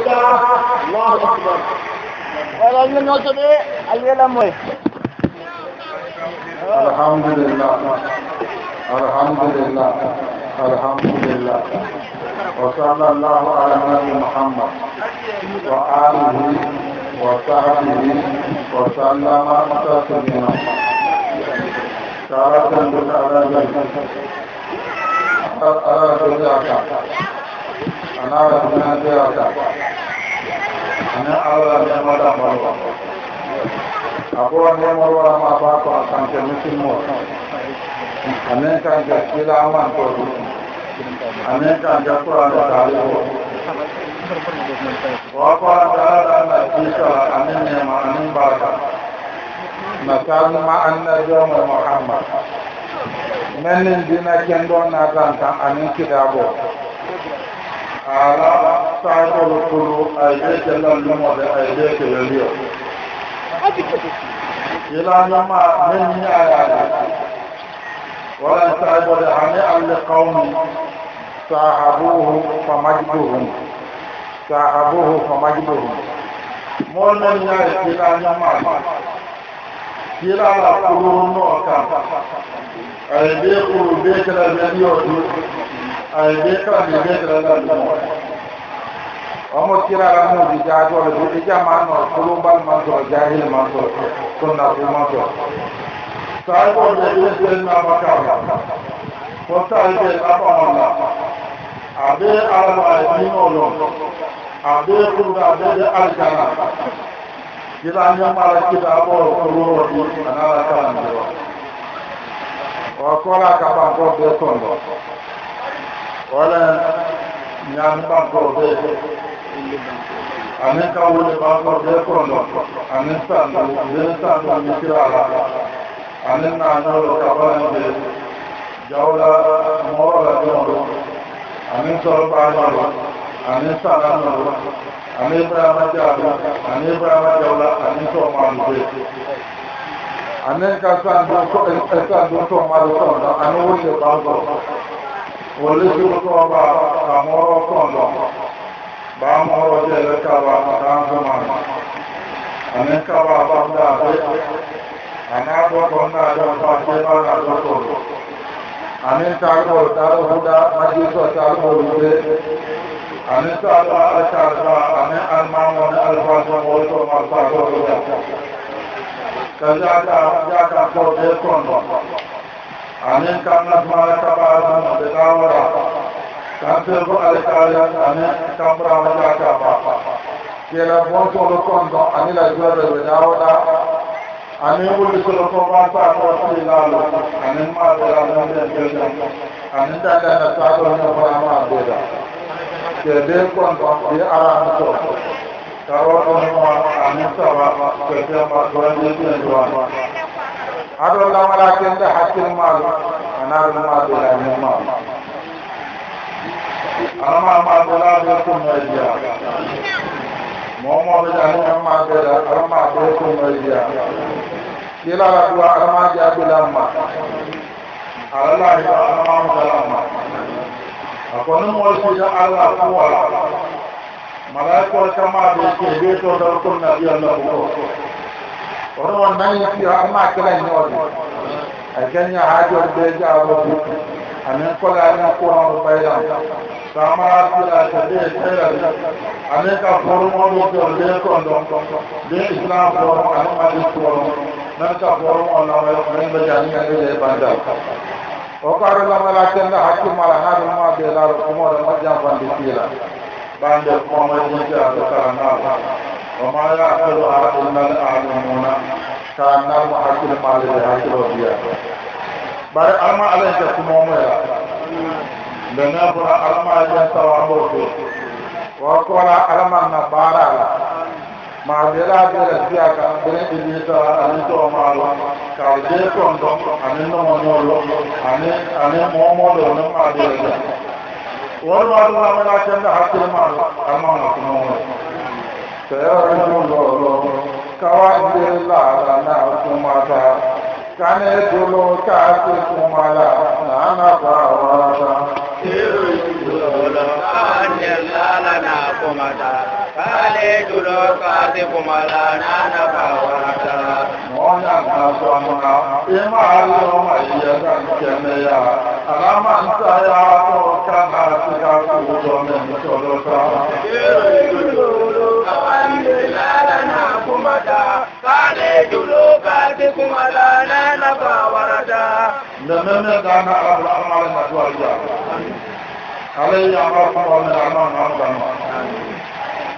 الله اكبر الحمد لله الحمد لله الحمد لله وصلى الله على نبي محمد وآله وصحبه وسلم تسليما على شجاعك Ana rahman ya rabba. Ana awla ya madama rabba. Apuan ya marwala ma ba ba kan ke mutin mo. Ana kan ke kila aman ko. Ana kan ja ko ana ta ya ho. Wa ba da da ma kisa ana ne ma anin ba ka. Makan ma anna jama Muhammad. Menin dina kendo na kan ta anin kitabo. Thank you. ala saakol kulu ayje lamlamode ayje keleliyo yilañoma min ñayaade wala saakode hani alle qawmi sahabuhu fa majduhum sahabuhu fa majduhum mool men ñaari yilañoma yilala kuluru noo kam ay ɓe kuru ɓe kela men yootu àìdẹ́kọ̀ àìdẹ́kọ̀ ọmọ kíra ara mú òbí já ajọ́ rẹ̀ bóyá já máa nà ọ̀pọ̀lọ́ bá máa ń sọ̀rọ̀ já ilé máa ń sọ̀rọ̀ tó ń nàfó máa ń sọ̀rọ̀. sàájọ́ rẹ̀ ló ń ṣe ní abáká ọ̀la wọ́n sàájọ́ rẹ̀ lápá ọ̀la àbẹ́ ara àìsí náà lọ àbẹ́ kúrò àbẹ́ àjàrà yíra ní ọmọ ara kí ta bọ́ ọ̀pọ̀lọ́ rẹ̀ ní àná wala ñaan banko be anen ka wole banko be kono anen san be san mi kirala anen na na lo ka ban be jawla mora jono anen so ba ba anen sara no anen ba ba jawla anen ba ba jawla anen so ma be anen ka san do so san do so ma do so anen wole banko ولجوكو با سامورو كوندو با مورو جلكا با تانزمان أنكا با بابدا أنا بوكونا جنبا جبانا جوكو أنا تاكو تارو هدا مجيسو تاكو لده أنا تاكو أشارتا أنا ألمامون ألفاسو مويتو مرساكو لده كذا جاكا فوضي كوندو amin kamlas malaka ba'da madawara kantar bu alƙalar amin kamra malaka ba kela bon solo kon do ani la jore be dawda ani wuli solo ko ma ta ko la lo ani ma de la na de de ani da da na ta ko na ba ma de da ke de kon do ye ara na to karo on ma ani sa ba ke ma ko ni de wa அது அல்லாமலாக்கி இருந்த ஹக்கிலுமா அனாதனமா அம்மா அம்மா குலாபுக்கும் மரியா மோமோவில் அனுமம்மா அம்மா குலுக்கும் மரியா கீழாக்குவ அரமா ஜாபில் அம்மா அல்லாஹிவா அரமாம் அம்மா அப்பொண்ணும் ஒரு சீதம் அல்லா போவாளா மலர் குழக்கமா வீட்டு வீட்டு தவிர்க்கும் நதி அல்ல போ ọ̀rọ̀ wọn náà yẹn fi ọ̀hún máa kẹ́lá yìí ọ̀dọ̀ àìkẹ́ni àájọ gbẹ́jà ọlọ́dún àmì ńkọ́lá ní kó wọn lọ bá yẹn sàmárà tó la tẹ̀lé ìtẹ́lẹ̀ rẹ̀ àmì ká fọ́rọ́ wọn ló jọ lé kọ̀ọ̀dọ̀ lé ìsìláà fọ́rọ́ àmì máa lè fọ́rọ́ náà ká fọ́rọ́ wọn lọ́wọ́ ẹ̀kọ́ nígbàjà ní ẹgbẹ́ ìbàdà ọkọ̀rọ̀ lọ́mọlá tẹ́lẹ̀ àkímọ̀lá náà ló máa bẹ̀rẹ̀ lárọ̀ ọmọ rẹ̀ mọ́jà fàndìsí rà bá ń bẹ̀ fún ọmọ ẹgbẹ́ وما يعقل إلا الأعلمون كان نار محاكين قال لها كرابية بل أما عليك سموم يا لن يبرا ألما يجن سوامبوك وقولا ألما نبارا ما بلا بلا سياك أبنى إذن سوى أنتو مالو كاو جي كنتو أنين مونيولو أنين مومولو نمع ديلا ورمالو نمع ديلا ورمالو نمع ديلا ورمالو نمع ديلا ورمالو نمع ديلا Sẹ́yìn lọ́rọ̀ káwájú làlànà kùmàdà kánẹ́ dolo káàkiri kùmàdà nàánà bá wàrà. Sẹ́yìn lọ́rọ̀ káwájú làlànà kùmàdà kánẹ́ dolo káàkiri kùmàdà nàánà bá wàrà. Mọ́nà kan sọ́mọ́ ìmọ̀ àlọ́ àyẹ̀dá kẹ́mẹ́yà àlámàntàyà tó kánà sí ká kúrò mẹ́rin sọ̀rọ̀ sáà. فعليه لوكاتكم على نانب وردا نمنا دانا أبرا أمال مسواريا عليه أمال فرامنا أمان أمان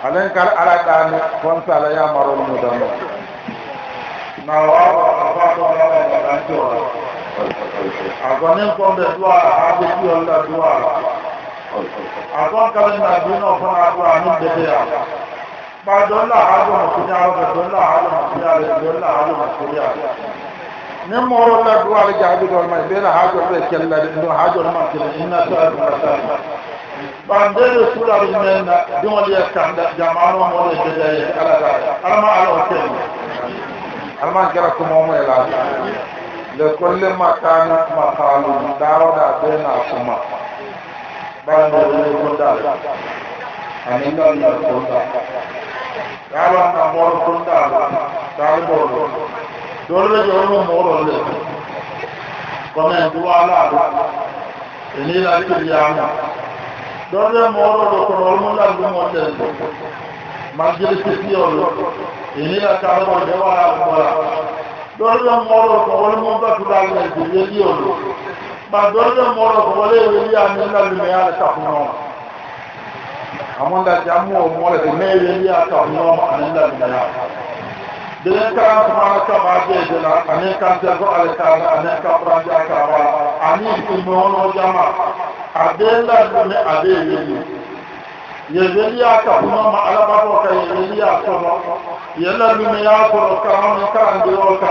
عليه كار على كان كونسا ليا مرون مدام نواب أفاتو نواب أنتوا أقولين كم دوا أبتي ولا دوا أقول كم دوا دوا فما دوا نبدأ ba dɔla haalo masuliya o ka dɔla haalo masuliya le dɔla haalo masuliya ni mɔgɔ la do ale jaabi dɔ ma i bɛ na hajo bɛ kɛlɛ la de do hajo ma kɛlɛ i na sɔrɔ a ma sɔrɔ ban de de su la bi mɛn na denw de kan da jamana mɔ de tɛ da ye ala ka ala ma ala o tɛ ye ala ma kɛra kuma o ma yɛlɛ a la lɛkɔli ma taa na ma kaalu daara da a bɛ na kuma ban de de ko da ani n ka na ko da. yaba na moro kunda tare moro dole jo no moro le kome duwa la ni la ki yana dole moro do ko moro la du mo te majele ti ti o ni la ka mo de wa la mo la dole moro ko wol mo ba tu la ni ti ye di amanda jamu mole de mele ya ta no amanda bidala de ka ma ka ba je de la ane ka ta go ale ta ane ka pra ja ka ba ani ku no no jama adela ne ade ye ye ye ya ka no ma ala ba ko ka ye ya ko no ye la lu me ya ko ka ma ka an de o ka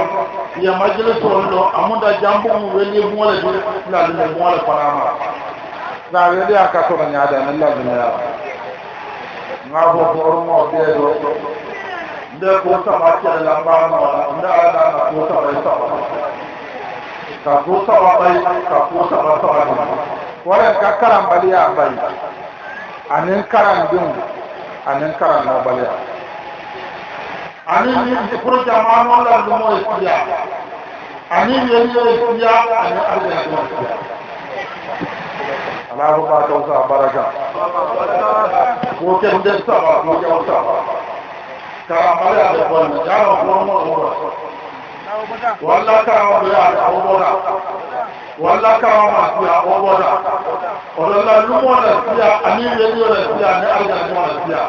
ya majlis ko no amanda jamu wele mole de la ne mole para ma na ye ya ka ko na ya da ne la ngabo forumo dedo nde ko sama cella mbano nde ala na ko sama sama ka ko sama bay ka ko sama sama wala ka karam baliya bay anin karam dum anin karam na baliya anin ni pro jamano la dumo ya anin yeli ya anin arbe ala ko ba ta sa baraka ko ke mun da sa ba ko ke sa ba ka amara da wannan ya ba ko mu ko walla ka wa ya abu boda walla ka wa ma ya abu boda walla lu mo da ya ani ne yo da ya ne arga ne mo da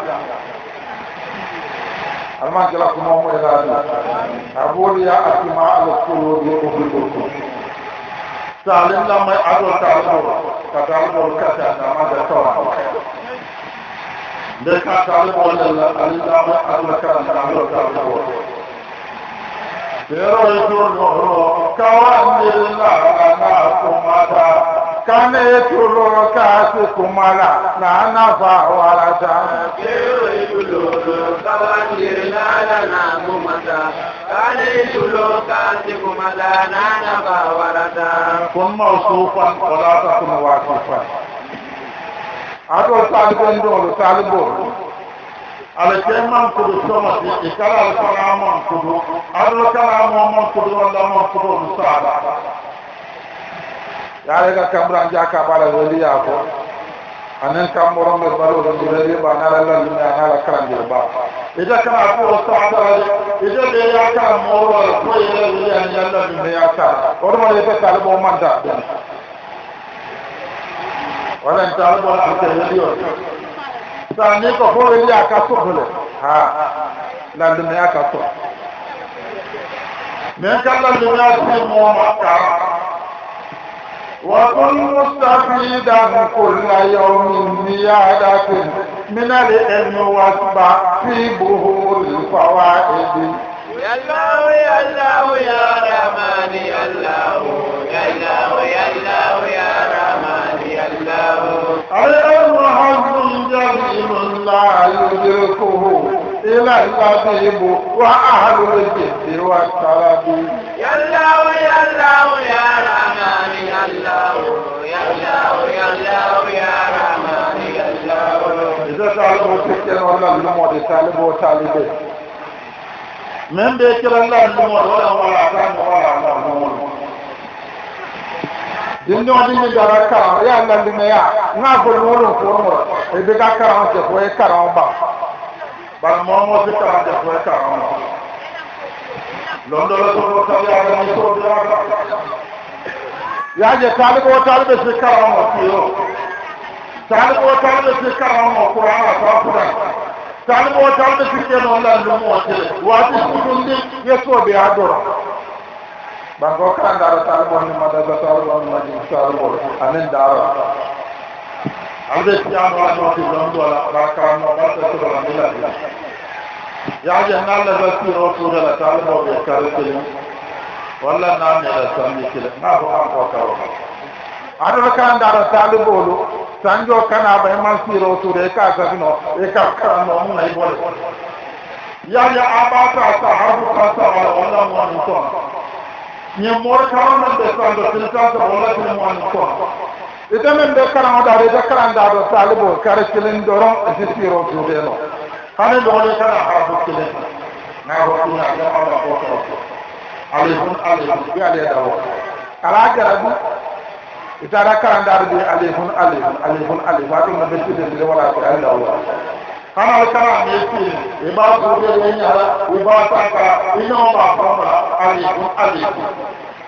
alman kala kuma mu abu ya asma al-qulub yuhibbukum salim la mai ado tabo ta tabo ka ta na ma da tawa da ka tabo la la salim la mai aku ka ta na ma da tawa dero jo ro ka wa كان tulo kasi كمالا na nafa warata kere tulo kawani nana na mumata kane tulo kasi kumala na nafa warata kuma usufan kolata kuma wakifan ato salibo ndolo salibo ala ceyman kudu somati ikala ala kana kudu adolo kana kudu walla amon kudu yaare ga kambura anja anen kamboro me baro do weli ba ida kana ko sahaba ida de ya ka moro ko yalla min ya ka odo ma ita wala ta bo ko te ko ko weli ka so ha la dum ya ka so men kala dum ya mo ma وكن مستفيدا كل يوم زيادة من العلم واتبع في بهور الفوائد يا الله يا الله يا رحمن يا الله يا الله يا الله يا رحمن يا الله العلم حظ جميل لا يدركه إلى الطبيب وأهل الجد والطلب يا الله يا الله يا رحمن يا الله يا الله يا الله يا رحمن يا الله إذا تعلموا تكتن ولا بلموا لطالب وطالب من بيكر الله النمر ولا هو الأعلام ولا الله النمر dindin wani mi dara karan ya lalima ya n'a ko ni wolo foro mura ebi ka karan cɛ fo ye karan ba bara momo be ta da ko ta on londo lo ko ta ya ga mo so da ka ya je ta ko ta be se ka on ti yo ta ko ta be se ka on ko ala ta ko da ta ko ta be se ke no la lo mo te wa ti su dun de ye so be adora bango kan da ta ko ni ma da ta ko ma ji ta ko anen da هذا الشام رحمة الله ولا كان مبارك سورة ملا يا جهنا لبسي رسول الله تعالى وبيكار كلمة ولا نام إلى سامي كلمة ما هو أنقى كروه أنا كان دار سالي بولو سانجو كان أبا يمسي رسول إيكا سفينو إيكا كان نومون أيبولي يا يا أبا كاسا هذا كاسا ولا ولا مانيسون ni mor karon da san da tilka da wala tilka mani ko ite min be karaŋo daado ite karaŋ daado taalibo kari kiliŋ doroŋ isi siiro tuube no hani dogole kana harafu kiliŋ naabo kuna ala ala ko koro alihun alihun bi ale dawo ala jarabu ite ala karaŋ daado bi alihun alihun alihun alihun ati mun be sile sile wala ko ale dawo kana ala karaŋ mi sile i b'a tuube i ɲara i b'a sankara i ɲɔgɔn b'a fanfara alihun alihun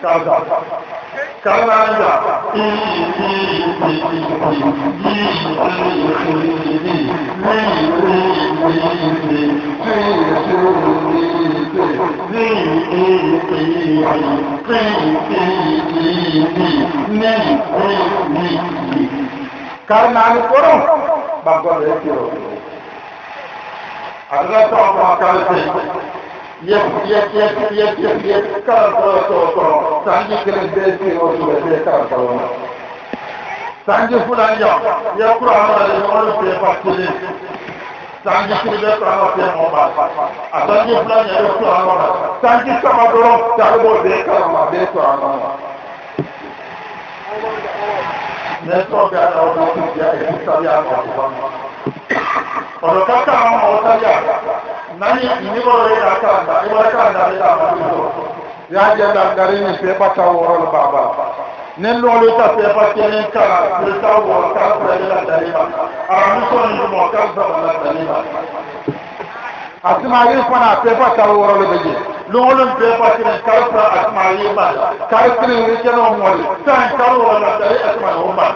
kaza karanja Thank you. karena ini korong bangkuan dari kiro adalah sahabat akal ya ya ya ya ya ya sekarang korong korong sanji kering dari kiro juga dia sekarang korong sanji pulang ya ya kurang ada yang orang saya pasti ini sanji kering dari kiro saya mau bapak sanji pulang ya kurang ada sanji sama dorong jangan boleh dia sekarang dia sekarang nẹ́tọ́ọ̀kì ara ọmọ ọdún ìyá ìlú sáré àwọn àbúrò ọ̀dọ̀ káká àwọn ọmọ sáré nani ìníbọ̀rọ̀ yìí náà káàdà ìwọ́n káàdà yìí náà máa ń lò yà á jẹ́ dàgbàrí ní ìfẹ́ pátá wọ́ọ́rọ́ ló bá bá ní lórí tàfẹ́ pátá ní ká ìrètá wọ̀ káàkiri yìí náà dàrí ma àrùn sọ káàkiri yìí náà àti máa yí fún àfẹ́ pátá wọ́ọ́rọ́ ló நூலும் பேப்பாக்கின கருத்தா அசுமா அழியமா கருத்தில் இருக்கணும் தான் கருவ வளர்த்தாலே அசுமா Uma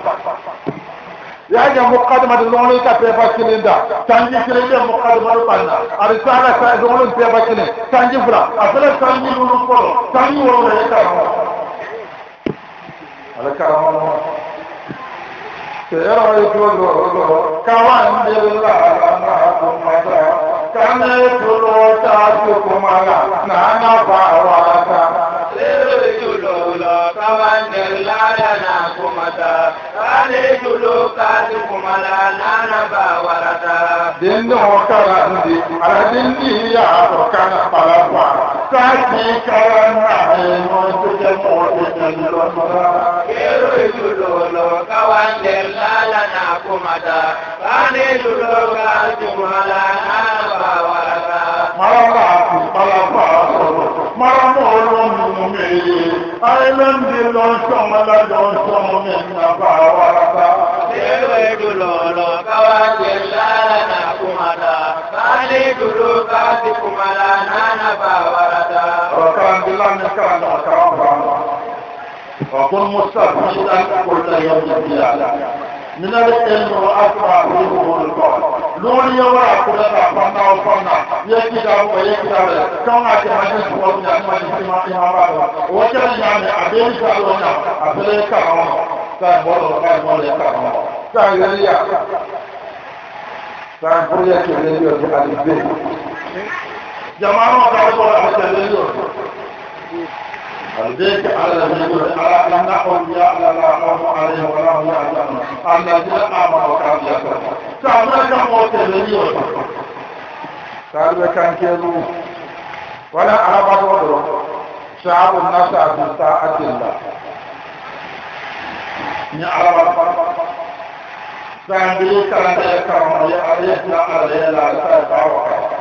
yaya mukadu madu lono ita pe ba silinda tanji silinda mukadu madu panna arisala sa lono pe ba silinda tanji fura asala tanji lono ko tanji wo na ita ala karama kẹrọ ìjọlọ lọ káwá ń dé làlànà àkùnmọ́tà kánà ìjọlọ tá a ti kùmọ̀lá nàánà bá wà ká. kẹrọ ale jolo ka di kumala nana ba warata. den dɔgɔ kala ndi aladen ni ya dɔ kala bala wa saaki kala na ye mɔtɔ tɛ mɔgɔ tɛ tɛli lɔ sɔrɔ. kero jolo lɔ kawande lala na kumada ale jolo ka di kumala nana ba warata. mara b'a kun bala wa sɔrɔ maramo olondu mume ailandi lonsoma la lonsoma menna bawarata ewedulono kawajelala na kumala kali dulu kasi kumala nana bawarata wakandilani kana kawabama wakun mustaqbilan kulla yawmi qiyamah من الامرأة أبوه القول لوري ورا كلا فنا وفنا يكيدا ويكيدا كما كما نسوا من ما نسمع إمامه وكان يعني أبين كلونا أبلي كلام كان بولو كان بولي كلام كان يريا كان بولي كلام يريا جماعة ما تعرفوا على كلام البيت على الذين على نحو لا لا خوف عليهم ولا هم يحزنون الذين امنوا وكانوا يتقون تعالى كم موت الذي وصفه تعالى كان كيلو ولا عرب وضرب شعب الناس في ساعة الله ni araba san bi kan da kan ya ya la la ta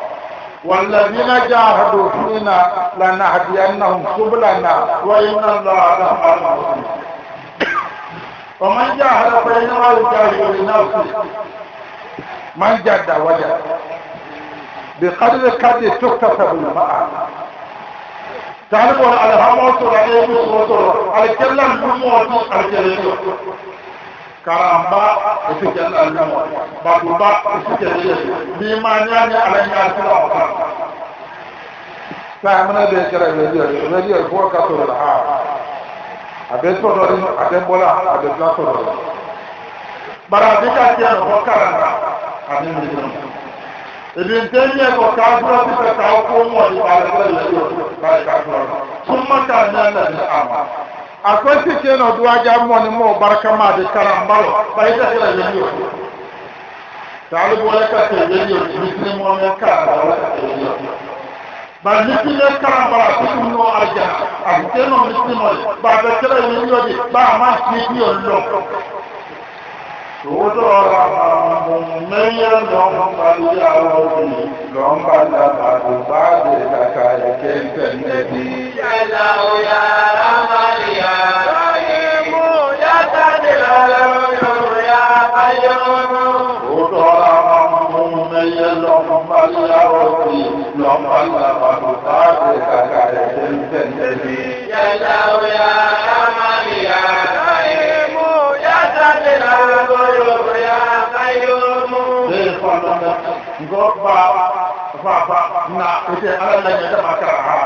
والذين جاهدوا فينا لنهدينهم سبلنا وإن الله لمع ومن جاهد فإنما يجاهد لنفسه من جد وجد بقدر قد تكتسب المعاني تعرف الألهام والسرعين والسرعين على كل الموت على كل الموت karamba ofi jalla al jamo ba ko ba ofi jalla yesu mi ma nya nya ala nya sura ba ka amana be kara be dio be dio ko ka to la ha a be to do no a be bola a be la to do bara be ka tiya ko kara na a be ni no e be tenya ko ka sura ti ka ko mo ni ba la ba la dio ka ka sura summa ka na na ama akwai sike na duwa ja mo mo barka ma de karam balo bai ta kira yeli yo talibu wala ka ta yeli yo misli mo mo ka ta wala ka ta yeli yo ba misli ne karam bala ko dum no arja a te no misli mo ba ba kira yeli yo di ba ma ki yo lo Òótọ́ àbàmùn mẹ́yàn lọ́mọ pàlẹ́ àwọn òní lọ́n bá dàbà tó bá dé kàkà ẹ̀kẹ́ ìfẹ̀mẹ́ bí. Ẹ̀là òyà rámàlìyà lọ́yẹ mú yátàdé lọ́lọ́ yọ̀rọ̀yà ayọ́rọ̀. Òótọ́ àbàmùn mẹ́yàn lọ́mọ pàlẹ́ àwọn òní lọ́n bá dàbà tó bá dé kàkà ẹ̀kẹ́ ìfẹ̀mẹ́ bí. Ẹ̀là òyà rámàlìyà. ba ba ba na ite ala la ne ma ka ha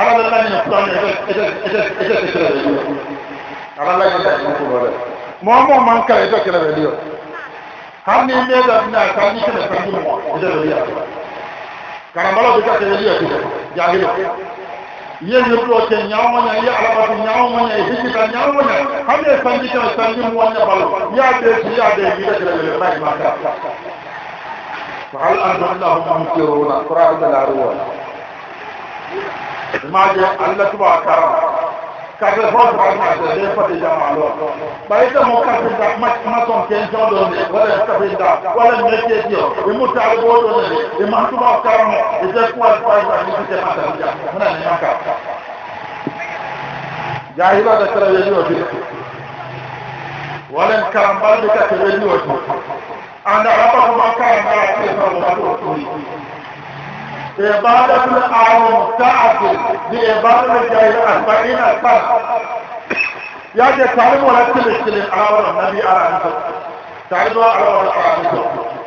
ala la la ne fura ne ite ite ite ite ala la ne ma ko ba mo mo man ka ite kira be dio har ni me da na ka ni kira ka ni mo ite be dio karambala be ka te dio ti jahilo ye ni ye ala ba nyaawo nya ye hiji ta nyaawo nya har ni sanji ka sanji mo nya balo ya de ya de ida ma ka فهل أنتم لهم منكرون قراءة العروة ما جاء الله تبع كرم كذا فرض على هذا فتح جمع الله بعد ما كذا ما ما تمكن جلون ولا كذا ولا نتيجة يموت على بوله يموت تبع كرم إذا كوال فايز عليك تبع كرم من أنا كذا جاهلا ذكر يجوا ولا كرم بالك تبع يجوا أن ربهم كان يعرفهم بالأصول عبادة الأعوام تعدل بعبادة الجاهل أربعين سنة يجي تعلم ولا تلسل الأعوام النبي أرانسو تعلم الأعوام الأعوام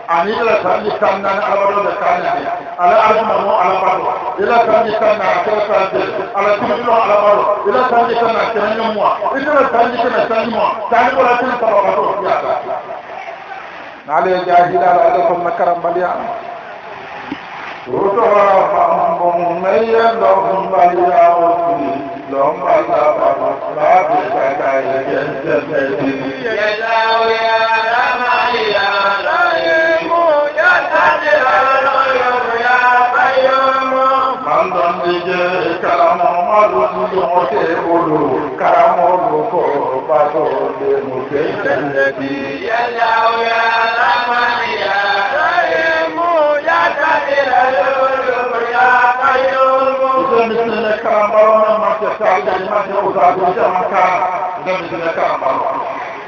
ani ila sanji sanna na abado da kanya ne ala arjuma mo ala baro ila sanji sanna kira sanji ala tibilo ala baro ila sanji sanna kira nyamwa ila sanji sanna sanji mo tani bola tini sabakato ya ta nale jahila la ko makaram bal ya rutoha fa mum Dalam ya dum bal ya wa tum lam ya ya والمعتقل كمرفع بالمسند يدعو يا رمحيا رحيم يتئل العلوم يا قيوم زمسلك مرنا مرتفع جنة وزاد سمكا زمسلك مرنا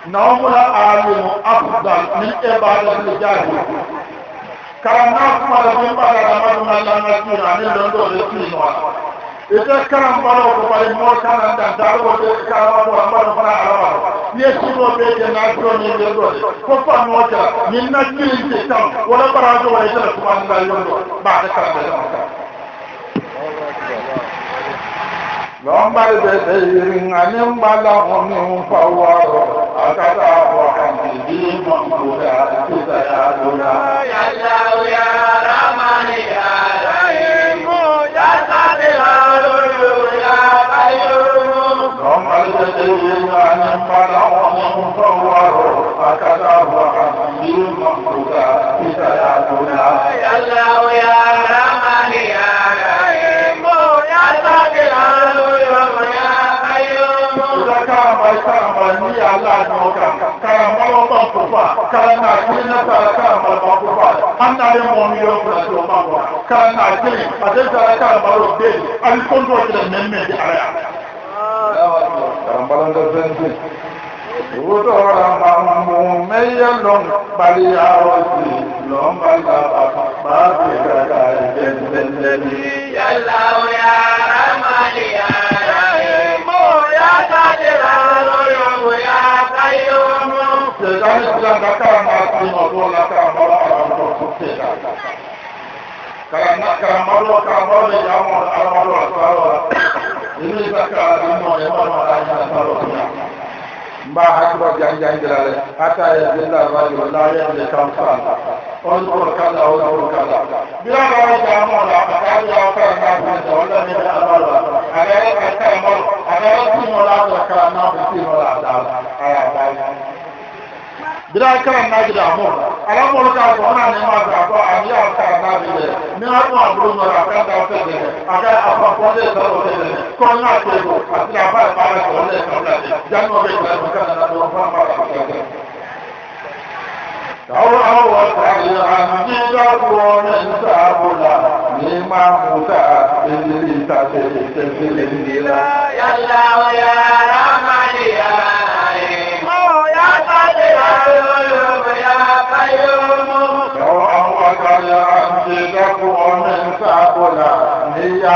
نوم العالم أفضل من عبادة الجاهل كرمنا مرة من بعد مرنا لنا سيرا من لندن سيرا ite karam balo ko bari mo kanan dan daro ko karam balo balo fana alama ye sibo be je na to ni de do ko fa mo ta ni na kilin ti tam wala barajo wala ta subhan allah yondo ba da karam da ma lọ́mbà ìbẹ̀tẹ̀ ìrìn àní ń bá láwọn ní ń fa wọ́rọ̀ àkàtà àwọn àmì ìdí mọ̀mọ́ rẹ̀ àti ìtàyà lọ́la. فلوه مصور فكتب عن المخلوق بسلامنا يا الله يا رحمن يا رحيم يا ساتر اليوم يا قيوم كما كما يا الله karama ọba nkọfa karama akyere nasa karama ọba nkọfa anaghị m ọnụ ya ọbụla si ọba nkọfa karama akyere adesara karama ọrụ bee alikondo ọchịrị mmemme dị Ìwúdọ̀rọ̀ àmàmù mẹ́yẹ ló ń parí àwọ̀sí ló ń bá bàbá bá fi kàkà ìjẹ́jẹ́jẹ́ ní. Yàlá òyà rámàlì ara rẹ̀. Mo yá sáde ra lórí ọmọ ya káyé ọmọ. Ṣèjá ní ṣílá kàkà máa ti ọdún lákà mọ́ra àwọn ọ̀tún ṣèjá. Kàràmà kàràmọ́lọ́ kàràmọ́lọ́ ìyàwó àràmọ́lọ́ àtàrọ̀. Ilé ìgbàkà àdúgbò ẹ̀wọ̀n àyà àtàrọ̀ mba hakiba janjanjirale hatta yajilla rajulu la yajli kamsal on on kala on on kala bila ga wajja amala akari ya kala na kala wala ni da amala agare ka kala mo agare ku mo la ka na ku ti mo la da aya ba bira kala na jira mo ala mo ka ko ona ne ma ka ko ani ya ka na bi de ni a ko abru no ra ka da fe de aga a pa ko de ka ko de ko na ko ko ati na ba ba ko de ka na de jan no be ka ka na do fa ma ka ka Àwọn àwọn ọ̀sàlẹ̀ àmì ìjọba ọ̀nà ìṣàbùlà ní máa mú ta ìdílé ìtàkùn ìṣẹ̀ṣẹ̀ ìdílé. Yàrá wọ̀nyá rámàlì yàrá.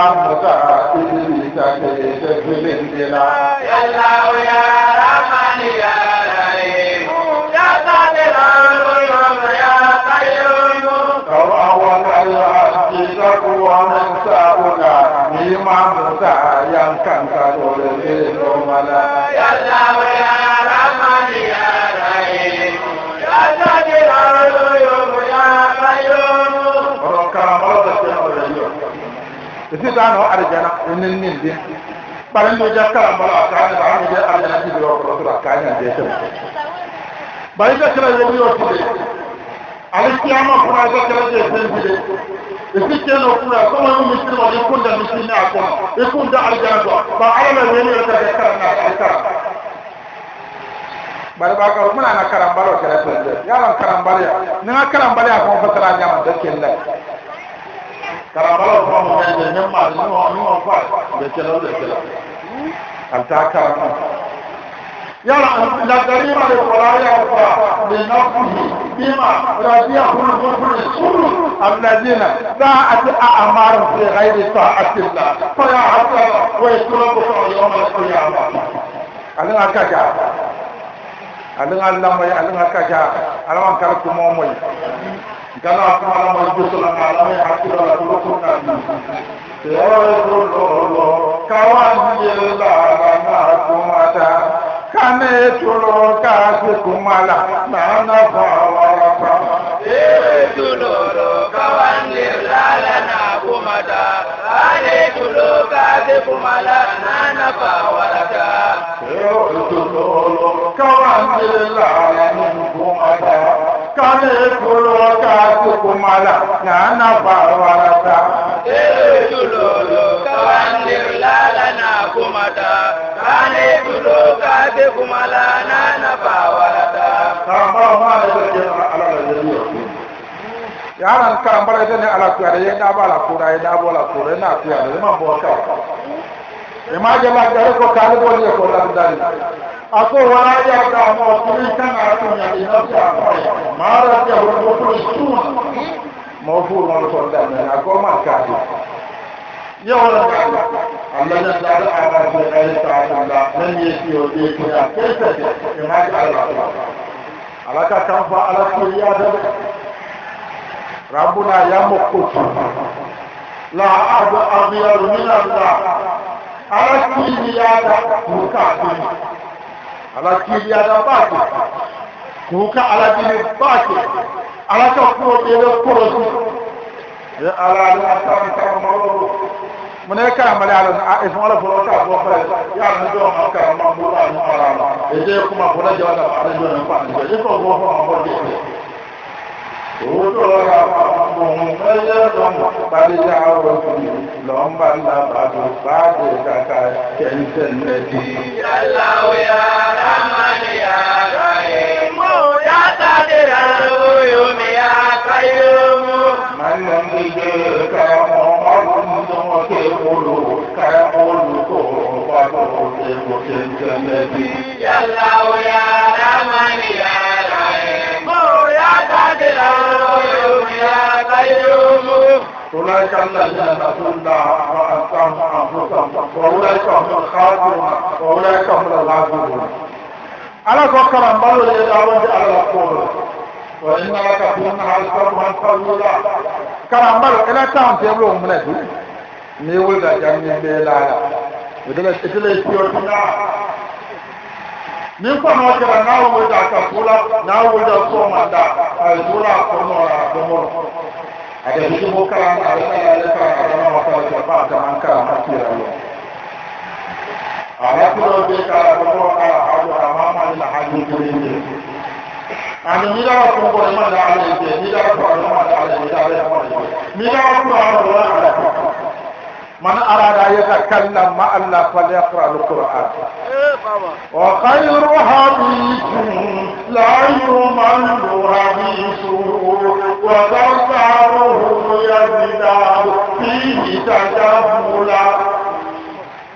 متعاتي كيف بالانجلا يا الله يا رحمن يا رحيم يا قادر الغيوم يا قيوم تواول العبد تقوى من ساؤنا نيما موسى ينكنك تولي الاملا isitano arjana enen min din ɓarendo jakkala mbala kaane baano je arjana jibiro rosula kañan je tem ɓay jakkala yoɓiyotide alkiyama kuna jakkala je sentide e sikkeno kuna somo misirma i kunda misirne a kono i kunda arjana to ba alala weniyota jakkala nata alkara bari ba karo muna na karambalo kɛrɛfɛ yalan karambaliya ni n ka karambaliya fɛn o fɛn sera a ɲɛ ma dɛ kelen dɛ karabala kuma mu ne ne nyamma ne wa ni wa fa da ke lalle ke lalle al ta karama yala la garima de quraya fa bi nafsi bima radiya kun kun suru alladina sa'at a'mar fi ghairi sa'ati allah fa ya hatta wa yusrabu yawm al-qiyamah alin akaja alin allah mai alin akaja alwan karku momoyi kana kuma la man jusu la kala me hakira la kulu kuna ni yoro lolo kawanje la la na kuma ta kane tulo ka si kuma la na na fa wa la eh, fa e tulo kawanje la la na kuma ta ale tulo ka si kuma la na na fa wa eh, la ta yoro lolo kawanje la la na kuma ta kálẹ̀ kúrò ká kókó mara nàánà bá wàrà ta. Ee tulo lo kawande lala na kumata kálẹ̀ kúrò ká kókó mara nàánà bá wàrà ta. Kàmbá wà lè jẹ́ ala la yẹ yẹ. Yàrá nkàmbá la yẹ ni ala tuyà dé yẹ dábàá la kóra yẹ dábàá la kóra yẹ n'a tuyà dé yẹ jama jama gbẹrẹ kọ k'ale bọ ne kọ labudani a ko wala y'a da a ma ọkùnrin kan k'a tó ɲa i n'a fɔ a kɔrɔ ye maa yɛrɛ tɛ o ko ko sun mɔgɔ f'o ma sɔrɔ daminɛ a ko ma k'a di yau da kama amma na da ala ala ko ai ta ta da nan ne shi yau dai ko fa ala ko abu abiyar min alakiliyada kuruka atoni alakiliyada baake kuruka alajiri baake alaka kurodele korosi ye alaali asamusamamaloro mune kamale ala ismaila folo ka fo fɛ yaala jɔ ma karama mura ni ala la ede kuma fo ne jɔ ne fa ne jɔ ne fa ne jɔ ne fɔ fo fo ma fɔ de fɛ. وجوههم يا الله يا رحمن يا غيره أولئك الذين تمنى أنفسهم وأولئك هم الخاسرون وأولئك هم الغافلون أنا فكر أن بلغ الأرض على القول وإن لك فيها الكرم القليلا كان بلغ إلى تام تبلغ من الدين ni wulga jami'in bai lada idan ita laifiyar kuna nin fana kɛra n'a wele a ka so la n'a wele a so ma da a ye so la a kɔ nɔ a dɔn kɔrɔ a kɛ bi ko kalan a bɛ kalan ale kalan a dama ma kalan kɛ ba dama kalan a ti yɛrɛ lɔ a bɛ kura bɛ kalan a bɛ kɔrɔ kalan a jɔ a ma ma ni na hali kelen de da ale a ma da ale ye a ma da ale ye a ma da ale ye. من أراد أن يتكلم مع الله فليقرأ القرآن وخير حديث لا يمل حديثه وذكره يزداد فيه تجملا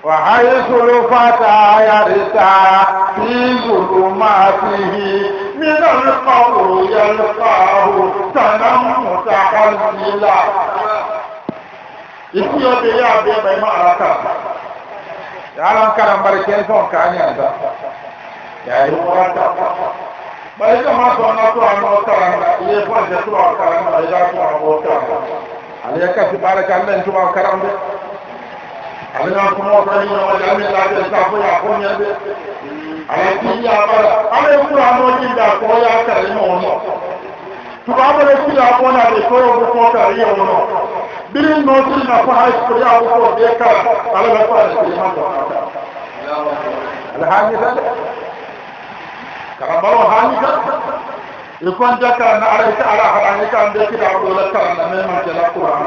وحيث الفتى يرتاح في ظلماته من القول يلقاه سنا متحللا isi yo be ya be mai ma alaka ya alam karam bare ken son ka anya da ya yi wa ta bare ka ma so na to an o ta ye fa je to an ka na ya ko an o ta ale ka fi bare ka nan to ba karam de ale na ko mo ta ni na wa ya mi la de ta ko ya ko ne de ale ti ya bara ale ku ra mo ji da ko ya ka ni mo no to ba bare birin nootin na ko hay ko ya ko be ka ala na ko ala ma ko ala hani da kara baro hani da ikon jaka na ala ta ala hani ka an da kida ko la kara na me ma jala qur'an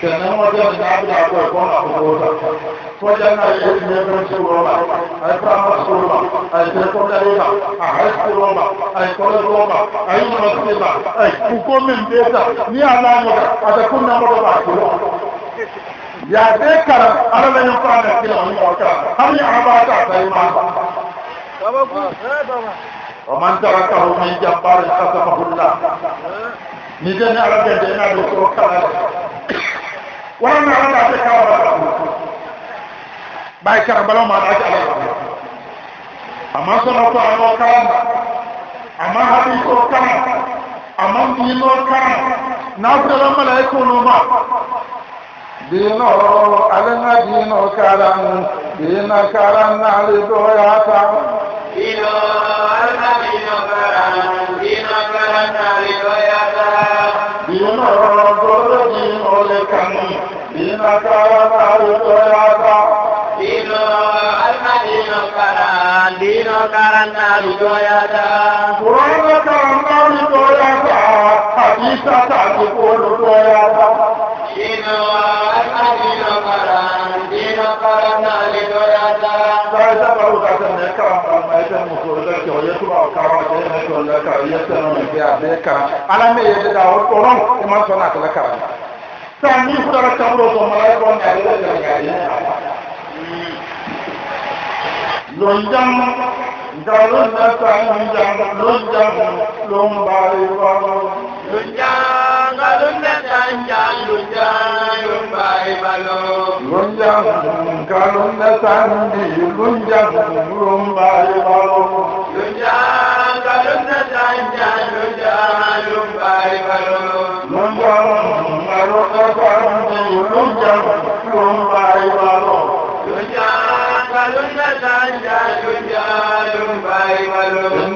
sannan wajen da abu da akwai kuma a kuma wata wajen na yi ne kan su roma a yi fama su roma a yi tekun da roma a haifu roma a yi kwarar roma a yi masu roma a yi hukumin beta ni a namu a da kunna mara ba su roma ya dai karan ala da yin fara da kila wani bauta har yi araba ta ta yi ma ومن تركه من جبار خسفه الله نجني على جنة نبي سوكا wɔn na wɔn na adi ka wɔn ba báyìí kára balọ̀ máa dájú àlọ́ ba àmọ́ sọ̀rọ̀ tó àwọn ọ̀kára àmọ́ hábí tó ọ̀kára àmọ́ nìyí ní ọ̀kára náà sọ̀rọ̀ mọ́lá ẹ̀kọ́ ní ọba. Dina ọ̀rọ̀ alẹ́ náà dina ọ̀kára ń dina kára ń náà lè dọ̀ ọ́ yà ta. Dina alẹ́ náà dina ọ̀kára ń dina kára ń náà lè dọ̀ ọ́ ta. Dina ọ̀rọ̀ dino karanta rujoyata Kuranga karanta rujoyata Hadisa tatu rujoyata Dino arma dino karan dino karanta rujoyata Saya tak tahu kata mereka Mereka musuhnya kaya tu bawa kawan Jadi mereka kaya tu Mereka kaya tu Alamnya dia dah orang Iman sana kelakaran sandi furala kamro to malay ko nyaade la nyaade lon jam dalo na ta lon jam lon jam lon bari wa lon jam lon na ta jam lon jam lon bari wa lon jam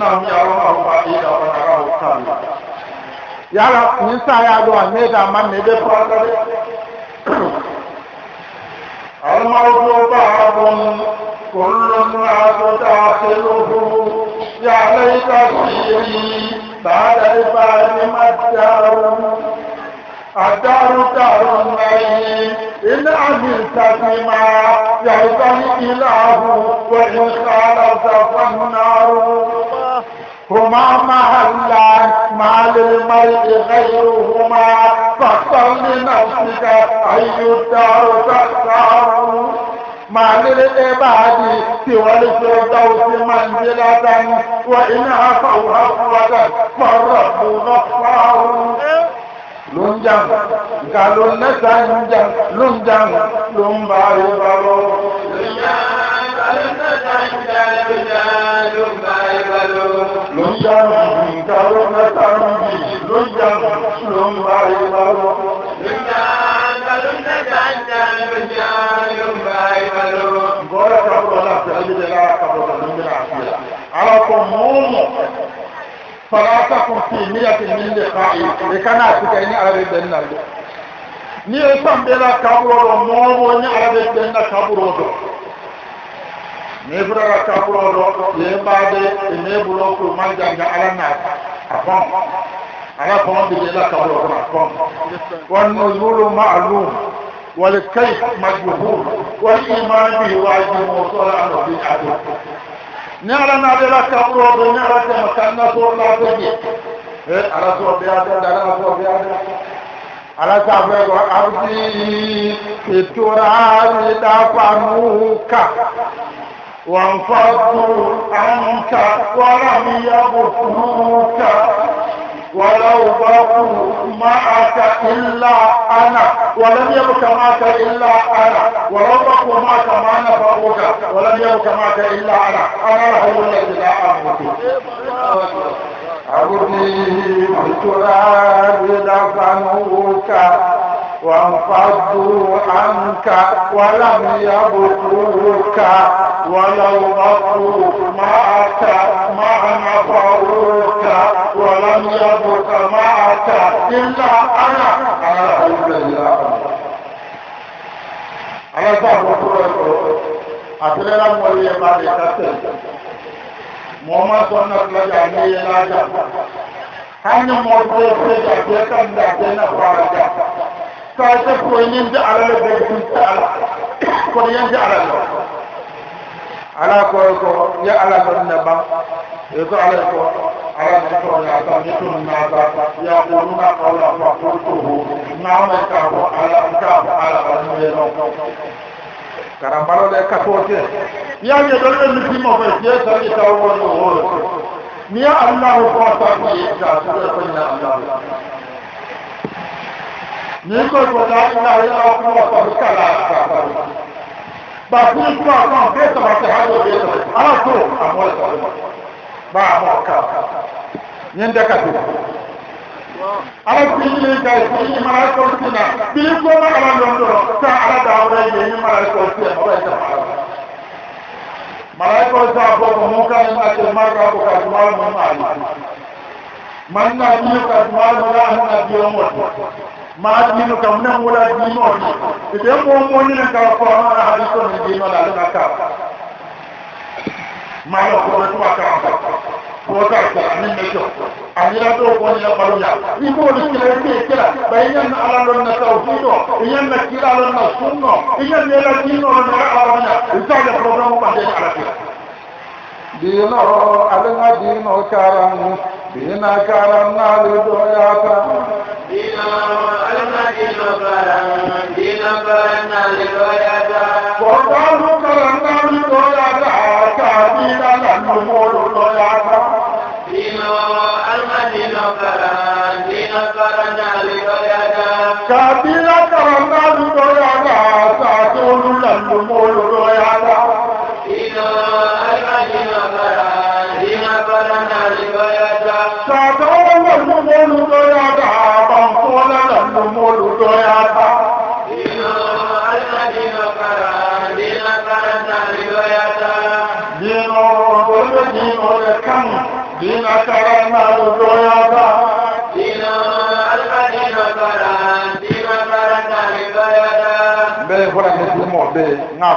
إنهم يرونه بعيدا ونراه قريبا yàrá nisa yà lọ àmẹ́dà má mẹ́dẹ́ pàtàkì الموضوع بعض كل عبد داخله يا ليت فيه بعد إبان متى الدار دار النعيم إن عملت بما يرضى الإله وإن خالف فالنار هما محلان ما للمرء غيرهما فاختر لنفسك أي الدار تختار ما للعباد سوى الفردوس منزلة وإن عفوا عفوة فالرب غفار ló ń jàm nka ló ń nẹ́ta ló ń jàm ló ń jàm ló ń bá yóò bá lọ. ló ń jàm nka ló ń nẹ́ta ló ń jì ló ń jàm ló ń bá yóò bá lọ. Bọ́lá kan bọ́lá àti ajé jẹ́ lára kan bọ́lá ló ń gbé náà àti ẹ̀. Àwọn ọkọ̀ mọ́ọ́mọ́ fala takun fi miyatin min liqa'i e kana tuka ni arabe den na do ni e tan be la kaburo do mo mo ni arabe den na kaburo do ne burara kaburo do ye baade e ne bulo ko man janga ala na afon ala ko on be la kaburo ko afon wan nuzulu ma'lum wal kayf majhul wal iman bihi wajibun wa sallallahu alaihi wa sallam ñaala naade la kamroɗo ñaala tema kanna soorlato je e ala soɓe adede ala soɓe adede ala saɓe ko abdi e turaɗiɗa fanuka wanfadu anka walam yabutuka ولو بقوا معك إلا أنا ولم يبق معك إلا أنا ولو بقوا معك ما نفعوك ولم يبق معك إلا أنا أنا هو الذي لا أموت أبني بالتراب دفنوك وانفضوا عنك ولم يبقوك ولو بقوا معك ما نفعوك ربك ما أتى إلا أنا على علم إلا أنا على ذلك أقول أتلنا مولي ما لكتل محمد صلى الله عليه وسلم hanyar mawar sai da ke kan da ke na fara da ka ta koyin da alala da kun ta koyin da alala ala ko ko ya alala na ba ya ko alala ko على ذكر العذاب من عذاب يقولون قولا فقلته نعم كابو على كابو على غنم karambalo de katote ya ye do le mi mo fe ye sa ni ta wo no ho ni ya allah ko ta ni ta su ko ni allah ni ko ko la ila ya ko ko ka la ka ba ku ko ko be ta ba ta ha do be ta ala ko amol ko maamo kam ñin deka du ala bili ga yi mara ko tina bili ko ma ala don do ta ala dawra yi ni mara ko tina ba ta mara mara ko ta bo ko mo kan ma ta mara ko ka ma mo ma man na ni ka ma ma la mo na biyo mo ma ni no ka mo na mo la ni mo ni de mo mo ni ka ko ma ala ko ni ma la ka mara kuma tuba ka ka ko ka ka anin ne ko anira to ko ni baro ya ni ko ni kila ke kila bayan na ala lon na tawfido yan na kila lon na sunno yan ne la kino lon na arabanya isa ya program ba de ala kila dino alanga dino karam dina karam na lu do ya ta dino alanga dino karam dina karam na lu do ya ta ko ta lu karam na lu do كابيلا كرمنا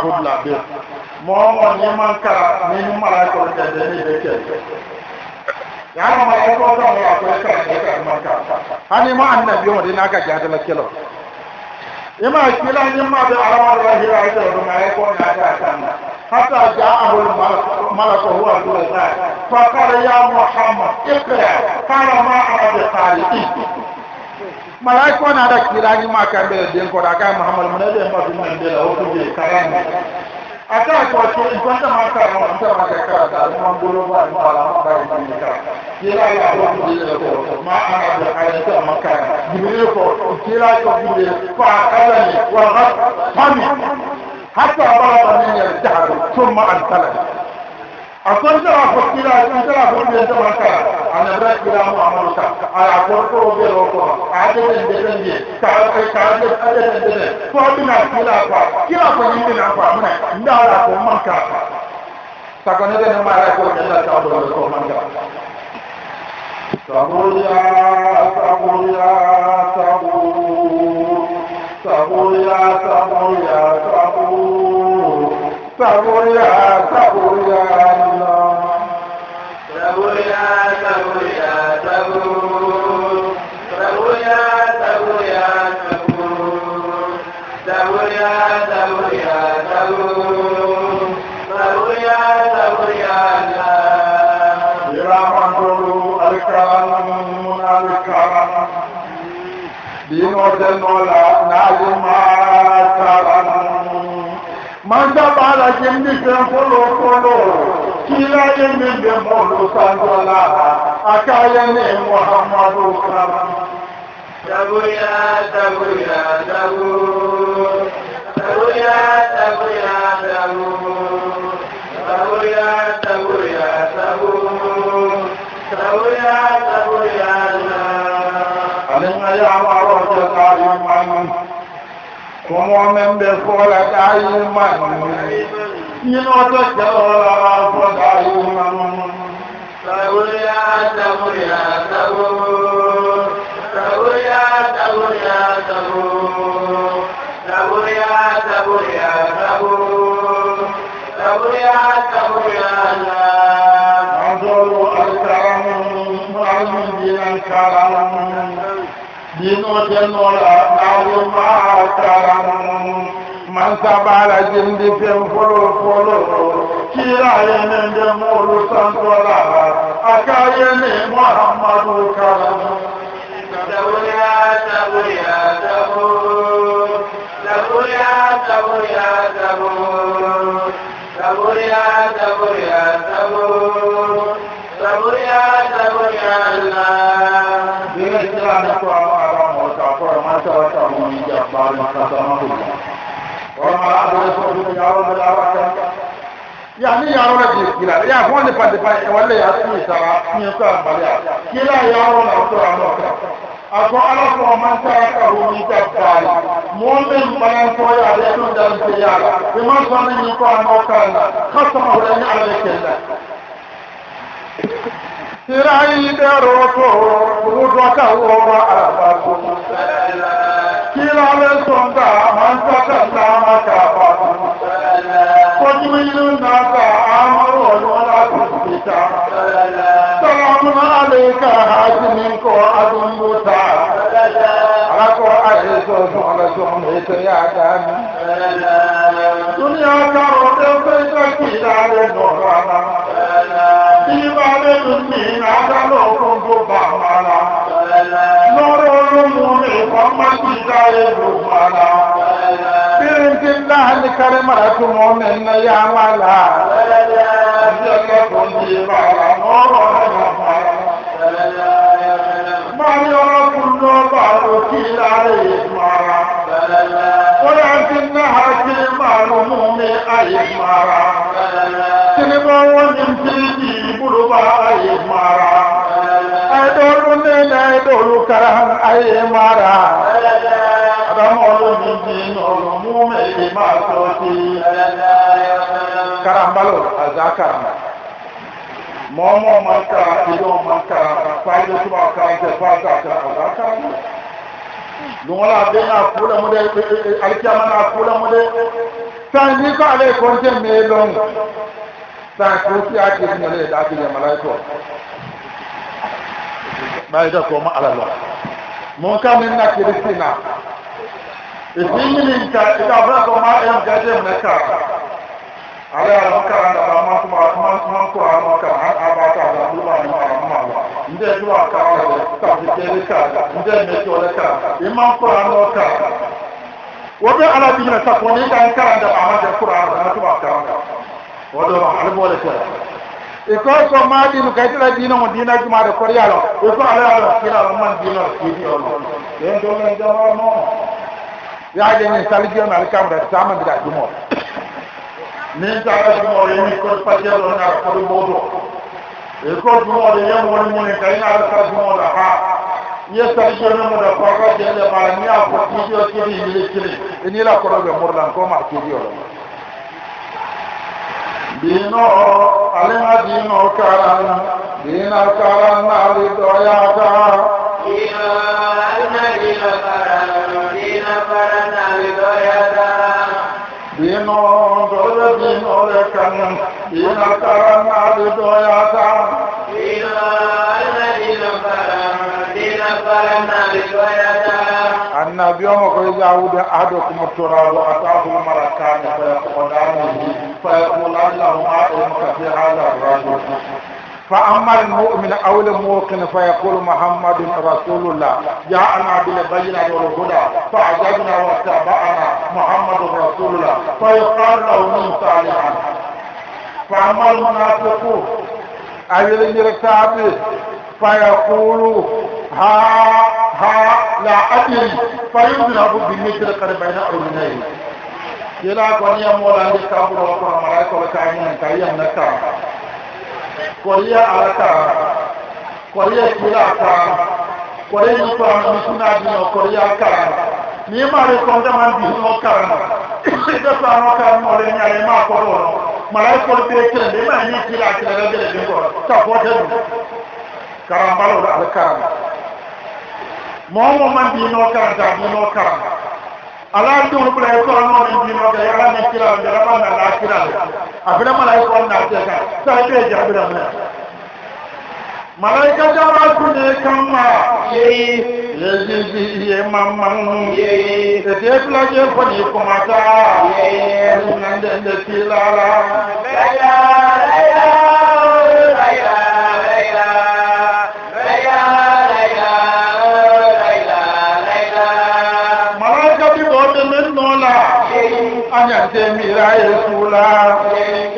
mahud labe mɔɔ mɔɔ nyɛ man kara ni ni mara kɔ tɛ tɛ ni bɛ kɛ yaama ma kɔ kɔ kɔ mɔɔ kɔ kara kɔ kara man kara hani ma an na bi o de n'a ka jaata la kɛlɛ i ma kila ni ma bɛ alamadu la hira a kɛlɛ dɔn a ye kɔ n'a ka kan na hata ja ahul malaka huwa dula zaa fa kala ya muhammad ikra kala ma ala bi qali malaiko na da kirani ma kan da den ko da kai muhammad mun da ba mun da o ku je karam ata ko to in ko ta ma ka ma ta ma ka ka da mun bolo ba ma la ma ba mun ka kira ya ko ku je ko ma ana da kai ta ma ka jibril ko kira ko jibril fa ni wa ghad fami hatta barata min al-dahr thumma al-talaq আপনারা আপত্তির আপনারা আপনি যেতে পারছেন আমরা ইরাম আমল করা আর আপনাদের ওকে রোক আজকে দেখেন যে কালকে কালকে আজকে দেখেন কোটি না কিলা পা কিলা পা নিতে না পা মানে না আর কোন মাকা তখন যেন মারা কোন জানা তা বলতো কোন মাকা Sabu ya, sabu ya, sabu. Sabu ya, sabu ya, sabu. بنور المولى نعلم ما ترى من دبر جنبك كله كله kilaye min be molu santola a kaye ne muhammadu karam tabu ya tabu ya tabu tabu ya tabu ya tabu tabu ya tabu ya tabu tabu ya tabu ya alin ya maro ta kayi man kuma men be kola kayi man nínú ọjọ́ jẹ́ ọ̀rọ̀ ọ̀fọ́dà ayé wọn mọ́. Sàwúyá sàwúyá sàwó. Sàwúyá sàwúyá sàwó. Sàwúyá sàwúyá sàwó. Sàwúyá sàwúyá sàwó. Àdọ́rù àkàrà mọ́ àmì ìlànà kàrà mọ́. Nínú ọjọ́ náà, àwọn máa kàrà mọ́. masabara jindi fen folo folo kira yene nde molu santola aka yene muhammadu karam tabuya tabuya tabu tabuya tabuya tabu tabuya tabuya tabu tabuya tabuya allah Dengan cerita anak kuah orang mau tak format atau mau jawab masalah ya ni yaro na ke kira ya ko ne pande pande wala ya su sara ni sa baliya kira yaro na to amo a ko ala ko man ta ka hu ni ta kai mo men bana ko ya da to da ke ya ko man so ne ni ko amo kan khasama hu ni ala ke da kira yi da ro ko ru do ka wo ara ba Kiralı sonda hansaka sama kafatın. Kocmilun nasa amarul ona kusbita. Selamun aleyka hasimin ko adun buta. Alako ahizu sonra sonhete yadan. Dünya karote feyta kirale nurana. İbade düzmin adalokum bu bahmana. Nurulun محمد بشاير رمالا بنت الله الكريم رأت مؤمن يا مالا جنة جبالا نورا ما يرى كل بارك عليه مرا ولكنها كلمة مؤمن أي مرا كلمة ومن تجيب ربا أي مرا dolu karahan aye mara ramolu ni dino mu me ma to ti karambalo azakarma momo maka ido maka faido tuba ka se faka ka azakarma dongola be na kula mu de e, e, e, alkiyama na kula mu de tan ni ko ale konte melon tan ko ti ati ni le da ti malaiko ma yi da koma alala mun ka min na kiristina isiminin ka ita abin ko ma yan gaje na ka ala ya mun kara da ba ma kuma kuma kuma ko a ma ka an aba ta da duba ni ma ma ma inde duwa ka ta fi kere ka inde me to da ka imam ko an ka wabe ala bi na ta ko ni ka an kara da ba ma da qur'an da ta ba ka wato ba albo da ka iko so di dinu kay tala dino mo dina juma de kor yalo iko ala ala kila man dino ki di on den do men jawa mo ya de ni salji on al kamra tama bi da jumo ni ta ala jumo ye ni ko pa je do na ko do modo iko jumo de yam woni mo ne kay na ala ka jumo da ha ye salji on mo da ko ka je le mala ni a ko ti yo ti ni ni ni la ko دينه علم دينه كرنا دين كرنا لدوياتا دينه علم دينه كرنا دين كرنا لدوياتا دينه دور دينه لكرنا دين كرنا لدوياتا دينه علم دينه كرنا دين كرنا لدوياتا النبي يوم خرج عود أحدكم التراب وأتاه المركان فيقول عنه فيقول اللهم أعلمك في هذا الرجل فأما المؤمن أو الموقن فيقول محمد رسول الله جاءنا بالبينة والهدى فعجبنا واتبعنا محمد رسول الله فيقال له من صالحا فأما المنافق اي المرتاب فيقول ها ها لا أدري فيذهب بالمثل قد بين أذنيه yela ko niya mola ndi kaburo ko mara ko ka yin ka yin na ka koriya alaka koriya kila ka koriya ni ko an suna di no koriya ka ni ma re ko da man di no ka da sa no ka mo re nya re ma ko do no mara ko be kire de ma ni kila kila da de de ko ta ko de karambalo alaka mo mo man di no ka da di no ka alaadun bila ye kɔrɔ nɔɔni bi ma kɛ yala ne kira o jara ma na n'a kira o a fana mana ye kɔrɔ n'a cɛ kan saa bɛɛ jara bɛ na mɛ malayika jaba tun de kama yeyi yezizi ye mamanu yeyi tete filajɛ fɔli kɔmata yeyi ɛnɛ ndɛ ndɛ ti la la. kula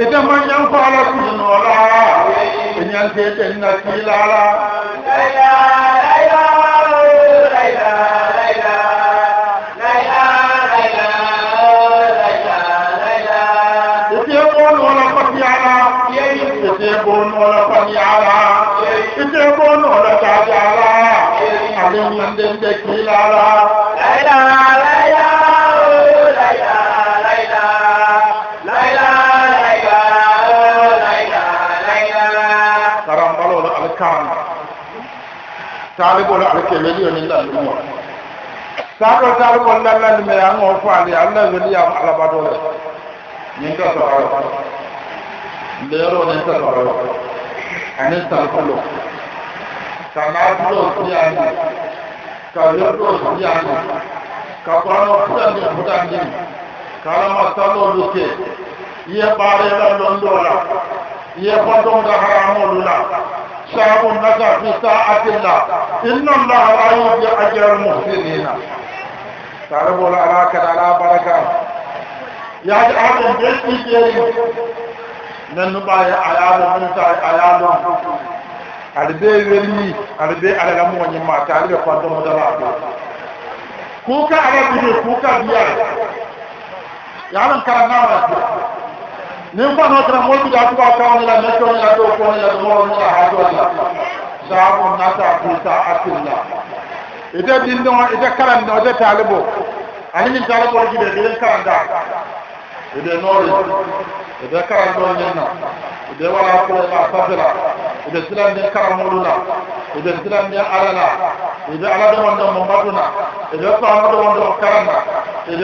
ita man yan fara ku nola in yan ke ta na kilala laila laila laila laila Itebon ola panyala, itebon ola kajala, alim nandem de kilala, ولا على كمالي ومن الله الأمور سابر سابر قول الله اللي ما يعمل وفع لي الله ولي على بعضه من كسر على بعضه ليرو من كسر على بعضه أنا سأقوله كنابلو سيان كيرو سيان كبرو سيان بطاني كلام سلو لوكي يبارك الله لندورا يبارك الله لندورا شعب لك في طاعة الله إن الله لا يضيع أجر المحسنين تعلموا الأراك على بركة يعني هذا البيت الجريم من نبايا أيام من أيام أربي ولي أربي على المؤمن ما تعرف فاتم دراك كوكا على بيجي كوكا بيا يعني كان نعمة nin fana kira mɔlu bi atuba kawo ne la mɛtɔ ne la dɔw kɔn ne la dɔmɔrɔ ne la hajɔ la saabu nata kusa akili la ite dindɔn ite kalan dɔn ite taalibo ani min taalibo ji bɛ kelen kalan da ite nɔɔri ite kalan dɔn ne na ite wala kɔlɔ la sanfɛ la ite siran den karamɔlu la ite siran den ala la ite ala dɔn dɔn mɔmɔdu na ite sɔn dɔn dɔn kalan na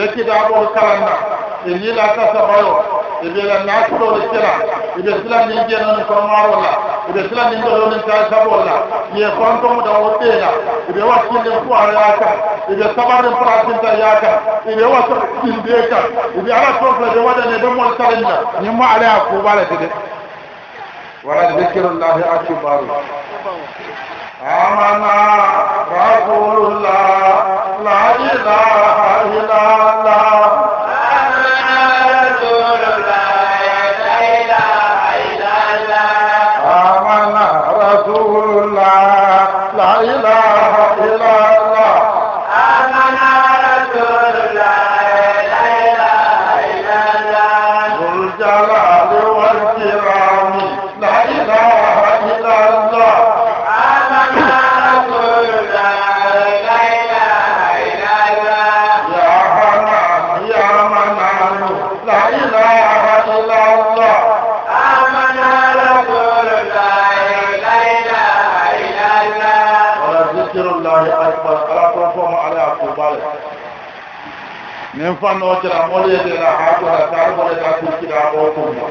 ite kidaabo kalan na. إليلا كسبايو إليلا الناس لو لكنا إذا سلا نيجي نون كرمار ولا إذا سلا نيجي نون كسب ولا يفهم توم داوتينا إذا وصل لفوا ياكا إذا سبار فراسين ياكا إذا وصل سينديكا إذا على صوب لجوادا ندمو الكلمة نما على كوبالة كده ولذكر الله أكبر آمنا رسول الله لا إله إلا الله fanno kira moleyedena haakura taar moleta kukkira o kumma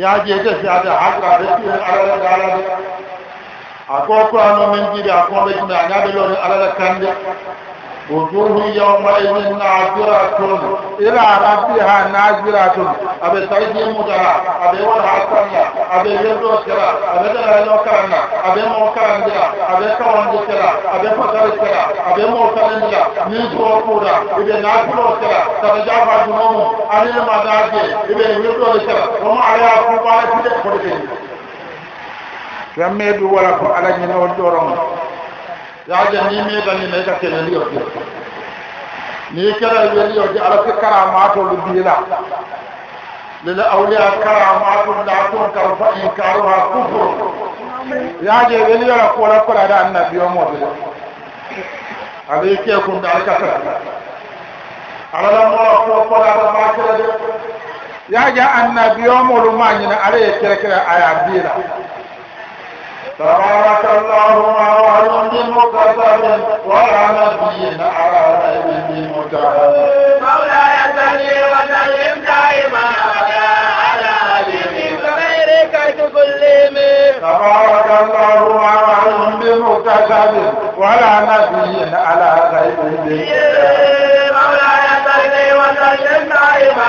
yaajeede fiade hakra de ɗum alala daalade a ko kurano men jiiɗi a koɗe kume a ñaaɓe lone alala kande وجوه يومئذ ناظرة إلى ربها ناظرة أبي سيدي مدرا أبي ورها سنة أبي يدو كرا أبي دلالو كرنا أبي موكان دلا أبي كوان دكرا أبي فكر كرا أبي موكان دلا نيزو كورا إبي ناظرو كرا ترجع فاجمومو أني مداجي إبي يدو كرا وما عليها كوبالة تدخل كرا رمي بولا كو على جنو الدورون yaaje ni mi gani nay ka kene ni yoti ni kera yeli yoti ala ki karama to lu bila le le awliya karama to la to ka fa in ka ro ha kufu yaaje yeli yara ko la ko da annabi o mo be ala ki ko da ka ta ala la mo ko ko da ma kera de yaaje annabi o mo lu ma ni ala ye kera kera aya bila تبارك اللهم وعلم المقتدر ولا نبي على غيره متهم مولاي صلي وسلم دائما على حبيبك غيرك تسلم تبارك اللهم وعلم المقتدر ولا نبي على غيره مولاي صلي وسلم دائما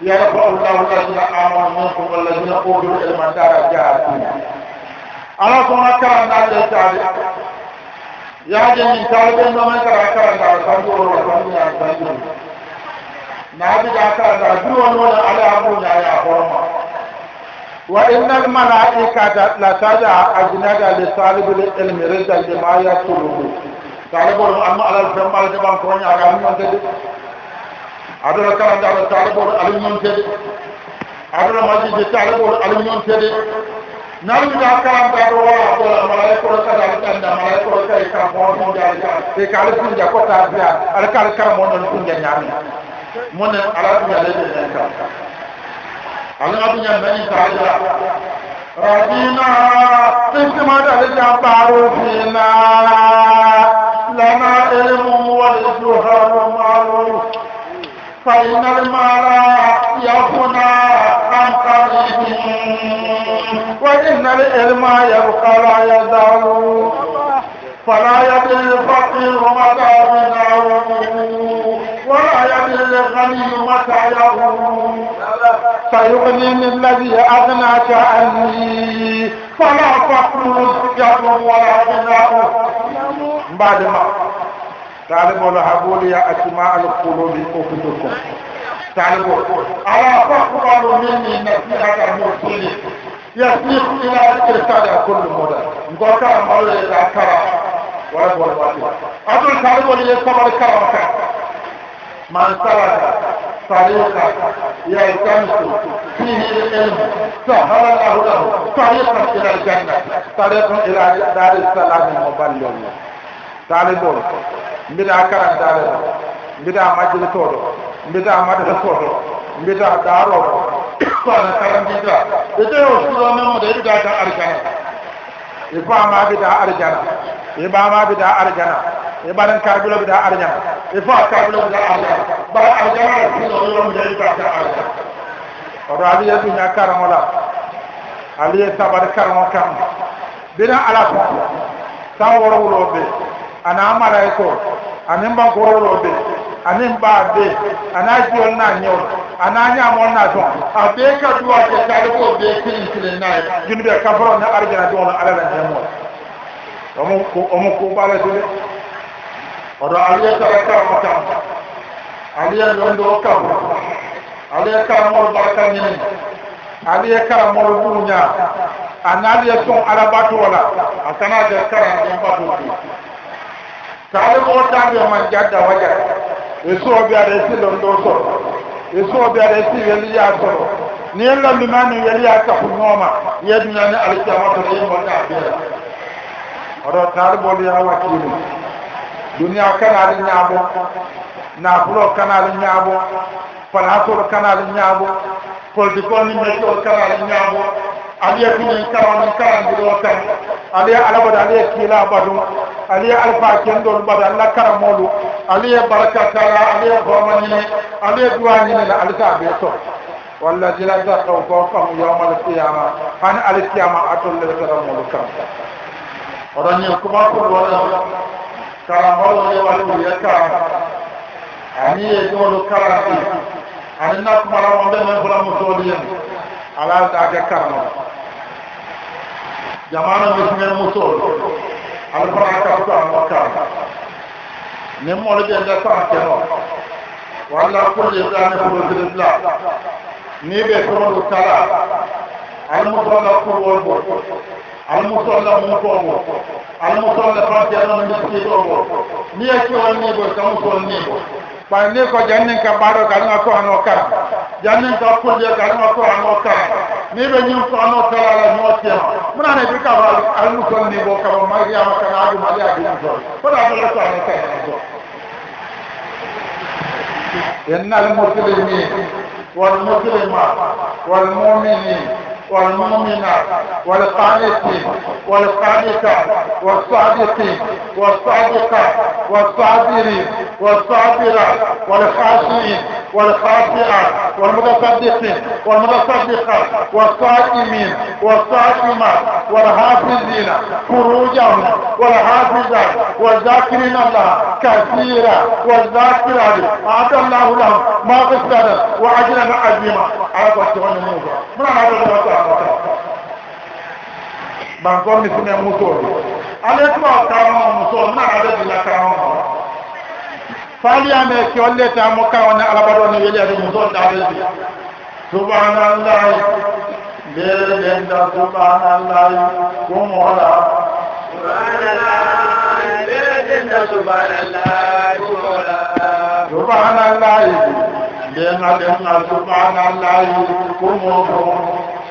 يا رب الله الذين آمنوا منكم والذين أوتوا العلم درجات أنا سمعت كلام الله تعالى يا جن من تعالى من من ترى كلام الله تعالى سبحانه وتعالى نبي جاكر الله جوان ولا على أبو جاي أقوم وإن الملائكة لا تجا أجناد لسالب العلم رزق بما يسلوه طالبوا أما على الجمال جبان كوني أعلم أنك adara karanta ala taalabol aliñontede adara majjide taalabol aliñontede naluga karanta ɗo wala ɗola malay koɗo kada ala ɗanda malay koɗo kay kara moononde ala e ka ala punja kotta biya ala kala kara moonɗon punja ñaami monen ala duña leyɗe nen kam alaga duña mani taajira ربنا اسمك الجبار فينا لنا علم والجهر معروف فإن المال يفنى عن قريب وإن العلم يبقى لا يزال فلا يدري الفقير متى غناه ولا يدري الغني متى يغنو فيغنيني الذي أغناك عني فلا فقر يكون ولا غناه بعد ما طالب الهبول يا أسماء القلوب أفتكم طالب ألا تقبل مني نصيحة المرسل يسير إلى الكرسال كل مدى نقول كرم الله إذا كرم ولا تقول باطل أدل طالب ولي يصبر كرمك من سلك طريقا يلتمس فيه العلم سهل الله له طريقا إلى الجنة طريقا إلى دار السلام المبلغ taale booro mbiɗaa karam daale to mbiɗaa majjili tooto mbiɗaa madata tooto mbiɗaa daaroo to ana karamjiida e ɗeo suuro memode eɗi gaata arjana e faama bidaa arjana e ɓaama bidaa arjana e ɓaɗen karbilo bidaa arjana e faa karbilo bidaa arjana baa arjana suuro memode eɗi gaata arjana oto aliye duña karamo la Aliya sabar karamo kam bina ala fo tan woro wuloo ana amara eko ani mba nkororo be ani mba abe ana aji olu na anyi olu ana anyi amu olu na dɔn abe ka du ake ka ale ko be kiri kiri na ye junu bɛ kafaro na arijana dɔn na ala la ɲɛ mɔ ɔmu ko ɔmu ko ba la dole ɔdɔ ale yɛ kaba kaba ma kan ale yɛ lɔn dɔ kan ale baraka ɲini ale yɛ kaba mɔlu bunya ani ale yɛ sɔn alabato la a kana kɛ kaba mɔlu bato bi. kaale ko taade man jadda Esu obiara esi biyaɗa e sillon obiara esi e suwo biyaɗa e si weliya soro ni en lallumani weliya kafu nooma yeedunani alkiyamato yimmoɗa biyeɗa oɗo taade ɓolu ya wakkilu ya kanaali ñaabo naafulo kanaali ñaabo palaasol na ñaabo politique o ni mecce o kanaali nyabụ. aliye kuñin karan karan dido kan aliye alabada aliye kiila badu aliye alfa kendol bada alla karamolu aliye baraka kala aliye homañine aliye duwañinila alisa be to والذين اتقوا فوقهم يوم القيامة عن القيامة أتول الكرم والكرم ورني كبار ولا كرم ولا يولي الكرم ani ye jɔlu karati ani na kumara wɔn bɛ mɛ fɔlɔ muso liyan ala ta kɛ karama jamana be siñen musol ala baraka san wakkan ni moolu ɓe nde sanke noon walla kulli dani fodotirisla ni ɓe tomoɗo kala almusolla kurwol ngo almusolla mutogo almusolla fantenon miskiɗo ngo ni e kiwon ni go ka musol ni go ɓay ni ko jannin ka mbaɗo kaɗuma ko ano kara jannin ka pulje kaɗuma ko ano kara ni ɓe ñin fo ano pelala ñootema munane ɓi kaba almusol ni bo kaba mariama kana aɗum aliya ɗumtol fota ɗole ko ano kara go innal muslimin والمسلمات والمؤمنين والمؤمنات والقانتين والقانتات والصادقين والصادقات والصابرين والصابرات والخاشعين والخاشعات والمتصدقين والمتصدقات والصائمين والصائمات والحافظين فروجهم والحافظات والذاكرين الله كثيرا والذاكرات أعطى الله لهم ما مغفرة وأجرا عظيما على قصة من هذا bàtà bàtà mi sí ẹmu sọ̀rọ̀ alẹ́ tí wọ́n ta wọn ọ̀hún sọ̀rọ̀ náà alẹ́ tí wọ́n ta wọn ọ̀hún fali ame ke olle ta mo ka ona alabado ne yele ade mo don dare bi subhanallah de de da subhanallah ko mo la subhanallah de de da subhanallah ko mo la subhanallah de na de na subhanallah ko mo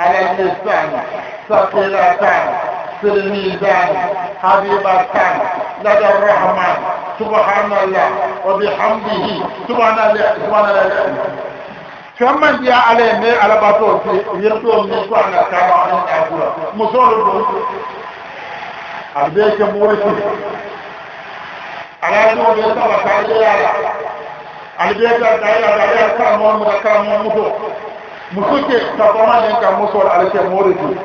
على اللسان ثقيلتان سلميدان حبيبتان لدى الرحمن سبحان الله وبحمده سبحان الله سبحان الله كما جاء عليه من على باتور في يطول من سبحان كما أن أقول مصور أبيك موريس على دور يطول كان جاء على أبيك جاء على جاء كان مور مور كان مور مصور muso ke ka fama nin ka muso la ale tɛ mori di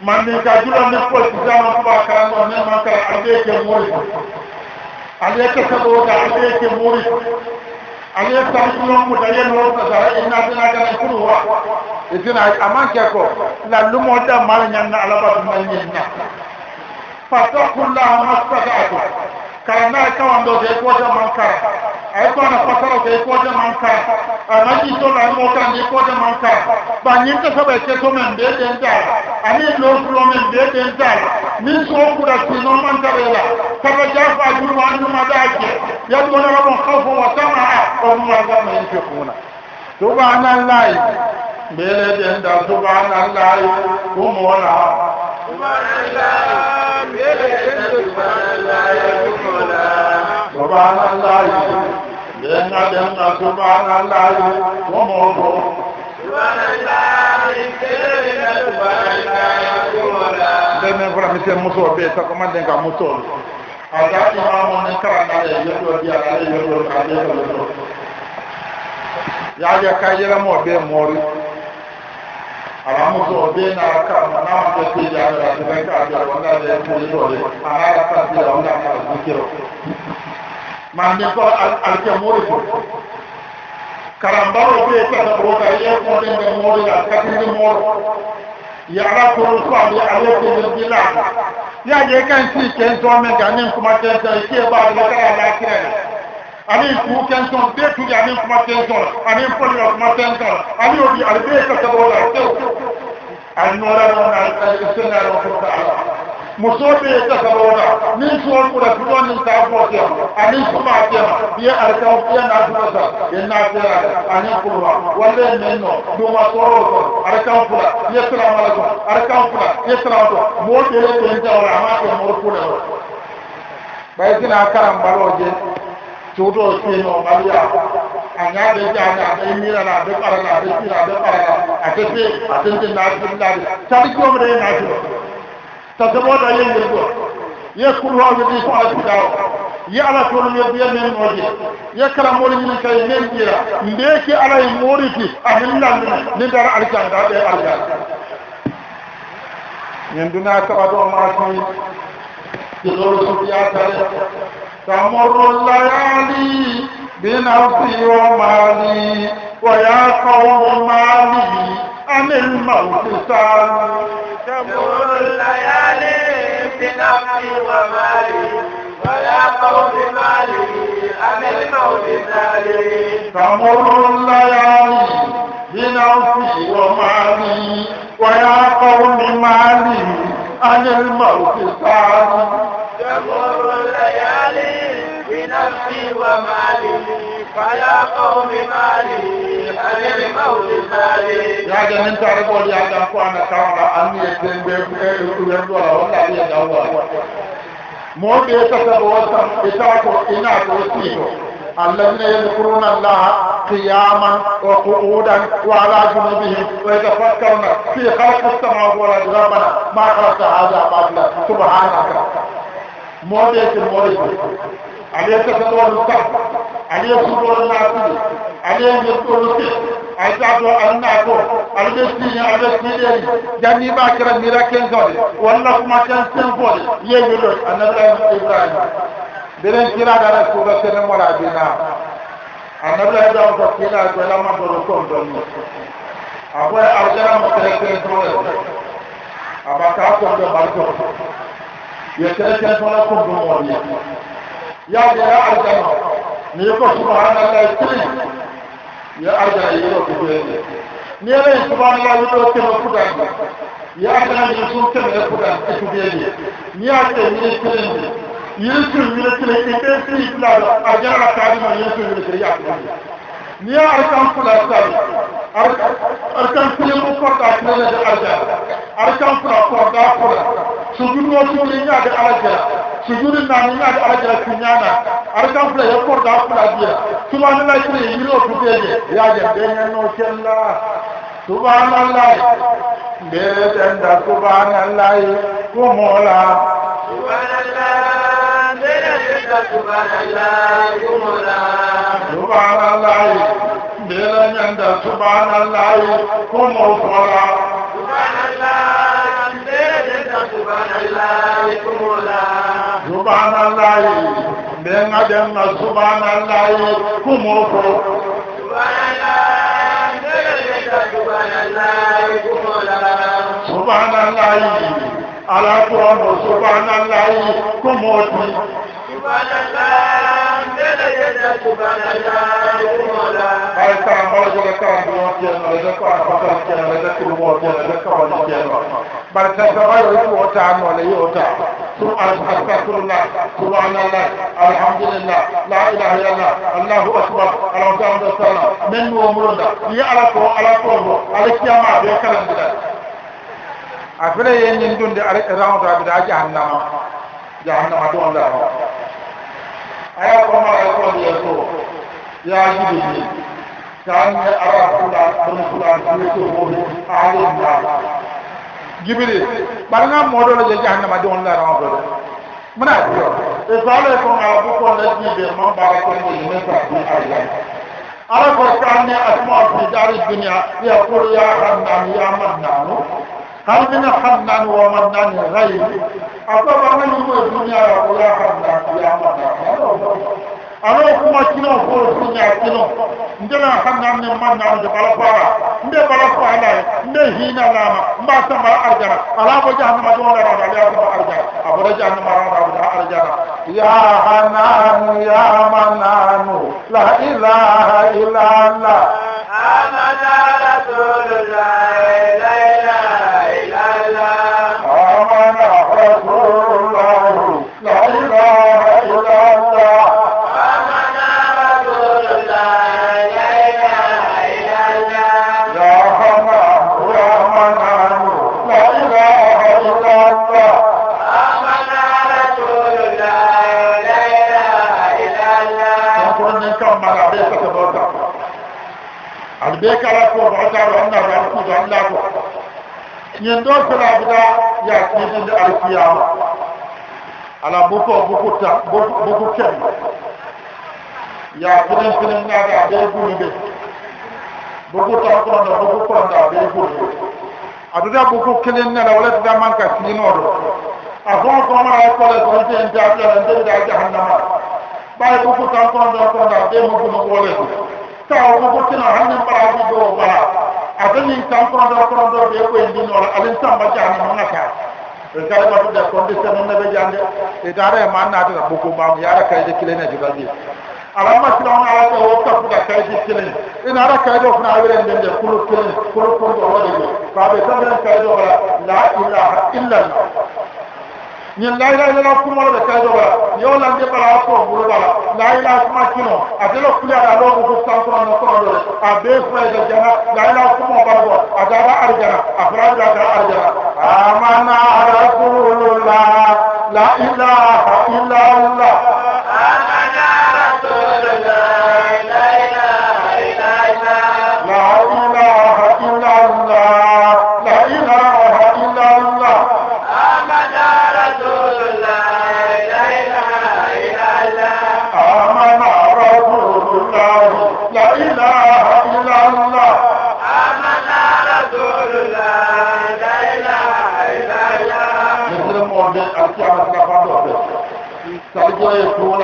manden ka jula ne ko sisan ma ba kalan dɔn ne ma kalan ale ye kɛ mori di ale ye kɛ sago kan ale ye kɛ mori di ale ye san kulon kuta ye nɔrɔ kasa i na tɛna kana kuru wa i tɛna a ma kɛ kɔ la lumɔ da mali ɲa na ala ba tuma ɲɛ ɲa fatɔ kun la a ma fasa a kɔ karan na kawan do de ko da mankara ay ko na fasaro de ko da mankara ana ji to na mo kan de ko da mankara ba nyin ta sabai ke to men de den da ani lo pro men de den da min so ku da ti no man da ya ka ba ja fa ju wa ju ma da ke ya do na rabon khawfu wa sama'a o ma ga men ke kuna subhanallahi bele den da subhanallahi kumona subhanallahi bele den da subhanallahi subhanallah lẹ́yìn àdéhùn subhanallah wọ́n mọ̀ ọ́ bọ̀. Dẹ́mi fúra mi sẹ́ muso bẹ́ẹ̀ sako má dẹ́n ka muso. Àgbà tó máa mọ ní kára náà lè yọ lọ bí a lè yọ lọ ká lè yọ lọ. Yàrá yẹ ká yẹrẹ mọ̀ bẹ́ẹ̀ mọ́rí. Àwọn muso bẹ́ẹ̀ náà ká mọ̀ náà wọ́n fẹ́ pé yàrá rẹ̀ àti bẹ́ẹ̀ ká àjọ àwọn náà lè kú lórí. Àwọn ará ká sí àwọn náà ká lè manden ko alke moori ko karambaro ɓe tata ɓoka yeekoɗe nde mooriga katinde mooro yàrá kúrò fàbí alókèlè bílà yàjẹ kẹntì kẹntì ọmọ ẹgbẹ ní nkùmá kẹntì ìkí ẹgbà àdìgbàkà yàrá kẹrẹ rẹ ani ìkú kẹntì ọmọ bẹẹ tugi ani nkùmá kẹntì ọmọ ani nkùmá ọmọ kẹntì ọmọ ani òbí àdìgbẹ kẹtẹ ọmọ ọmọ kẹwù àdìmọ ọlọrọ náà ẹsẹ náà ọkọ ọmọ ọmọ. musoɓe tasaroɗa min soon ɓura fuɗo nin kafotema anin sumatema ɓiye arkaw ɓiyanatuɗosa yennaterade anin kulwa walle min no ɗuma soro kon arkan fula yettalamala kon arkan fula yettalama to moɗele ɓen jawra amake moro fuleo ɓaytina karam mbaloje cuuto siino mbaɗiya a ñaaɓe jaane aɓe mirana aɓe ɓarana aɓe siira aɓe ɓarana a tefe a tentinnaɗiɗiɗaɗi saɗi jomre naatiro تتبوت عليه يقول يذكر هو الذي فعل الدعوة يعلى كل يبيا من موجه يكرم مولي من كيمين جيرا مبيك على موريتي أهلنا من ندر أرجان دعوة أرجان من دون أكبر معكم تدور سبيات تمر الليالي بنفسي ومالي ويا قوم مالي عن الموت سعد تمر الليالي بنفسي ومالي ويا قوم مالي عن الموت سالي تمر الليالي بنفسي ومالي ويا قوم مالي عن الموت سعد تمر ومالي فلا قوم مالي أجل موت مالي يا جماعة أنت عرفوا لي أنا أنا كارا أني أتنبه ويبدو ولا لي دعوة موت يتسبب إتاكو إناكو سيكو الذين يذكرون الله قياما وقعودا وعلى جنوبهم ويتفكرون في خلق السماوات والارض ربنا ما خلقت هذا باطلا سبحانك موت يتسبب عليه كفتوى المكر عليه سبوى النعطي عليه يبطل سيء أجعب النعطو عليه سيء عليه سيء جاني باكرا ميراكين زولي والله ما كان سنفولي يجلوش أنا الله إبراهيم بلين كلا دارا سورة سنمورا بنا أنا الله إبراهيم فكلا جلما برسون دوني أبوه أرجلا مكركين زولي أبا كاكو جو باركو يتركين زولي كنتم وليه yang dia arjana ni ko subhanallah istri ya arjana ni ko kuwe ni ya subhanallah ni ko kuwe ku dan ya arjana ni ko kuwe ku dan ku kuwe ni ya te ni istri ni istri ni istri ni istri ni istri arjana la kadi ma ni istri ni istri ya arjana ni ya arjana ku dan ku arkan kule mu ko ta ku ne arjana arkan ku ko ta ku sugu no ku ni ya de arjana sujudi naani naani ala jala kunyana ala kan filɛ ye kɔrɔ da fila bi la subahana la yiri yiri o tu den ye y'a jɛ bɛɛ ɲɛ n'o kɛ la subahana la ye bɛɛ tɛ n da subahana la ye ko mɔɔ la. subahana la bɛɛ tɛ n da subahana la ko mɔɔ la. subahana la ye bɛɛ tɛ n da subahana la ye ko mɔɔ fɔ la. subahana la bɛɛ tɛ n da subahana la ko mɔɔ la. Subhanallah, ɓe gaɗenna subhanallahi kumo fo subhanallahi ala kurano Subhanallah, kumoti Àìsà ọjọ́ ẹ̀kọ́ àwọn ọmọdé ẹ̀nà ẹ̀dẹ́kọ́ àpapọ̀ ẹ̀kọ́ ẹ̀dẹ́kọ́ ọmọdé ẹ̀dẹ́kọ́ ọmọdé ẹ̀nà. Bàtẹ̀sẹ̀ báyọ̀ yóò wọ́ta àánú ọ̀lẹ́ yóò ta. استغفر الله سبحان الله الحمد لله لا اله الا الله الله اكبر الله تعالى السلام من ومرنا يا على تو على تو على كيما بكلام بلا افلا ين دون دي راو دا بدا جهنم جهنم دون الله ايا كما يقول يسوع يا جدي كان أرى كل أرى كل أرى كل أرى كل أرى jibiri bari nga moo doo la jël jahannama di woon la rawa ko mun a di yoon e so ala ko ngala bu ko la ji be ma ba ko ko ni me fa di ala ala ko kaani asma fi dari dunya ya qul ya hannan ya mannan hal min hannan wa mannan ghayri akaba man ko dunya ya qul ya hannan ya mannan alors kuma kino ko kunya kino ndena lah hanga ne manna on de balafara nde balafara ala nde hina lama ma sama arjana ala bo jahan ma do ngara ala ya ko arjana abara jahan ma ra ba arjana ya hanan ya manan la ilaha illa allah ana la rasulullah la ilaha anda ko ñen do ko la buda ya ci ci de al qiyam ala bu ko bu ko ta bu ko ken ya finen finen na da de bu ni de bu ko ta ko na bu ko na de bu aduda bu ko kelen na wala da man ka ci no do a ko ko ma ya ko le ko ci en ta ta en da jahannama bay bu ko ta ko na ko na de mo ko ko le ta ko ko ci na hanin abenin tan kondo kondo be ko en dino alin samba jani mo ngata en kari ma tudda kondi se non be jande e dare ma na ta boko ma ya ra kay de kilene ji balbi ala ma sila on ala ko ta fuda kay ji kilene en ara kay a funa awere den de kulu kilene kulu kondo wadi ko ba be tan kay do la ilaha illa allah ñin layilayilala kumalo ɓe kajoɓa yewla ndebala soro ɓuloɓala layila kuma kino atela kuliyada logoto sansorano sorondore a be furayda jana layila kumo ɓargo adara arjana a furaɓira adara arjana amana rasulullah la ilaha illallah يقول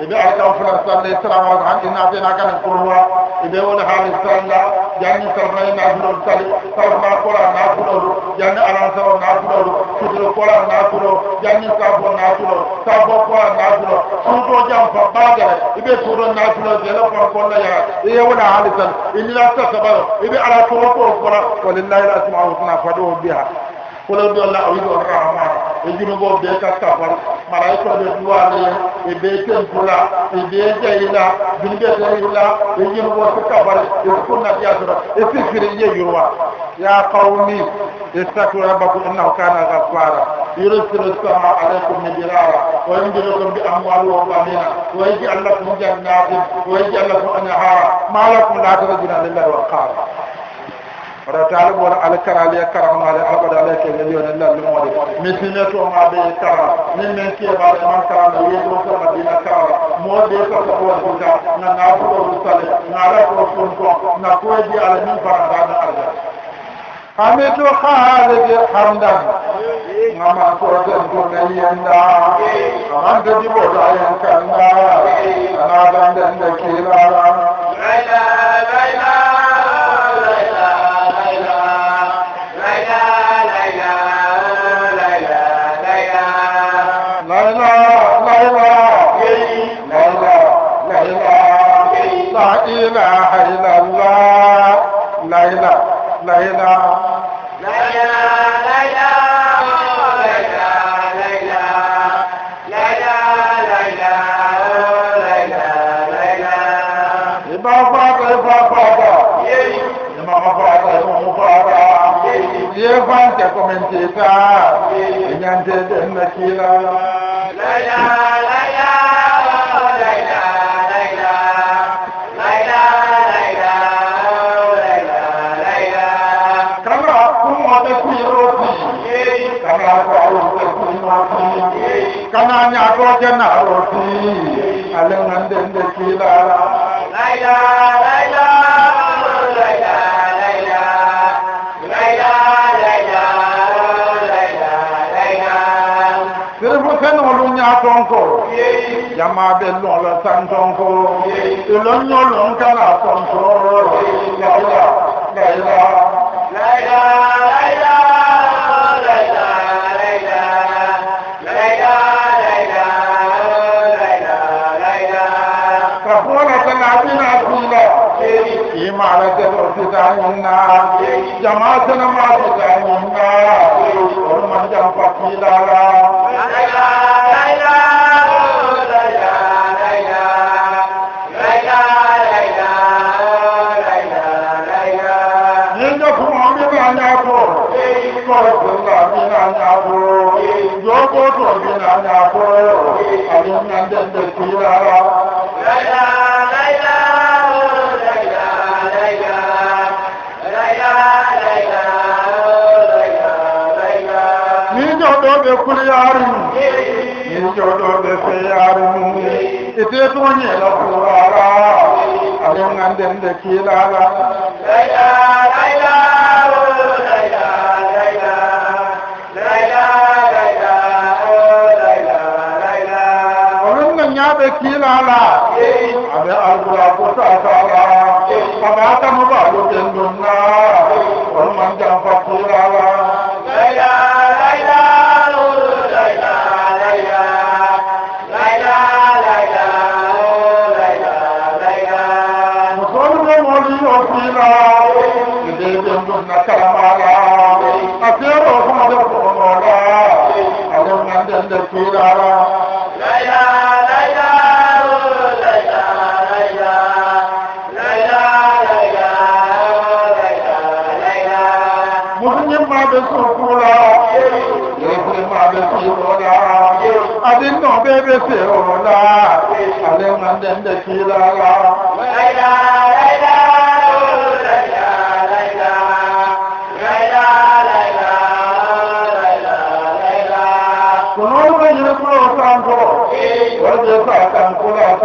إذا أكاو فرسان لي سلام وزعان إن أتينا كان يقول إذا ولي حال السلام يعني سرنا ناكل السلي سرنا قولا ناكل يعني أنا سر ناكل سجل قولا ناكل يعني سابو ناكل سابو قولا ناكل سوتو جام فبادر إذا سورو ناكل جل فرقولا يا إذا ولي حال السلام إن لا تسبب إذا على توقع قولا ولله الأسماء الحسنى فادوه بها قل الله أريد الرحمن e junubo be ka kafar malaikaɓe duwaniya e be tentula e be jeyila junube jeyila e junubo so kafar e sunnatiyatoro e sifiri ye yurwa ya qawmi istakiru rabbakum innahu kana ghaffara bi السماء عليكم مدرارا ويمددكم باموال وبنين ويجعل لكم جنات ويجعل لكم انهارا ما لكم لا ترجون wa وقارا oɗo taalib wona ala karali e karamnade alabada ala kelle wiyone lallumode mi siñetomaɓe e karama min min keebaɗe man karama yeeɗoto madina karama moɗe soto wotuta na nafuɗoru sale naala ko fon ton na koydi ala min farandano arda hamidu haalide hamdan ngama koten tuna yenda amande jiɓoɗa yen kanda anaɗanden de kilara komen tita nyante denna kila laila laila laila laila laila laila laila laila kamra kuma da kiro ki kamra ko awu da kuma ki kana nya ko jana ro ki alan den de kila laila ma be lon la san ton ko e lon yo lon ka la ton ko la la la la la la la జమాసన మాకు జాయిన్ ఉన్నా మనం జంపీదారా be kuliyari ni jodo be feyari mu ite to nye la kuwara ale ngande nde kilala laila laila laila laila laila laila laila laila olunga nyabe kilala abe albura kusa sala abata mabalo tendunna olmanja fakirala ọ̀rọ̀. láyà láyà ó láyà láyà láyà láyà láyà láyà. mo tún ní máa bẹ sọ fún ra èèkó máa bẹ sọ ìwọ la adé náà bẹ́ẹ̀ bẹ́ẹ̀ sẹ́ ọ̀rọ̀ la alẹ́ máa ń dẹ́ndẹ́ sí i la la. láyà láyà.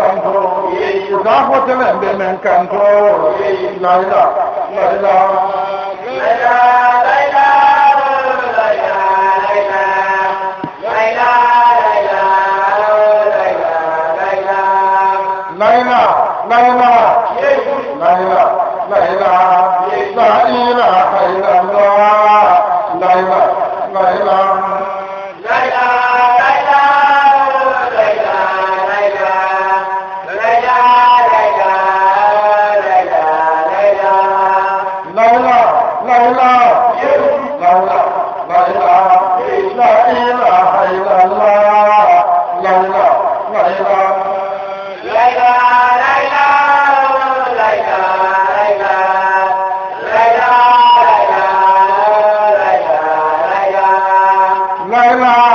kanto, za hotunan da nan kanto, laila, laila, 来啦。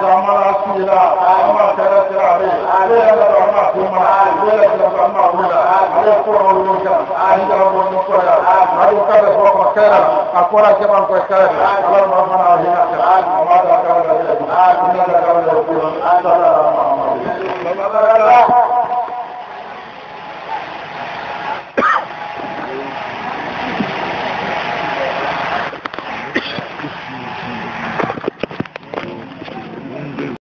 كما رسولا كما كرت عليه ولا رحمة كما ولا رحمة ولا على قرى الوجه عند رب المصير هذا كذا فوق كذا أقول كما كذا على ما من علينا وما ذكر الله إن ذكر الله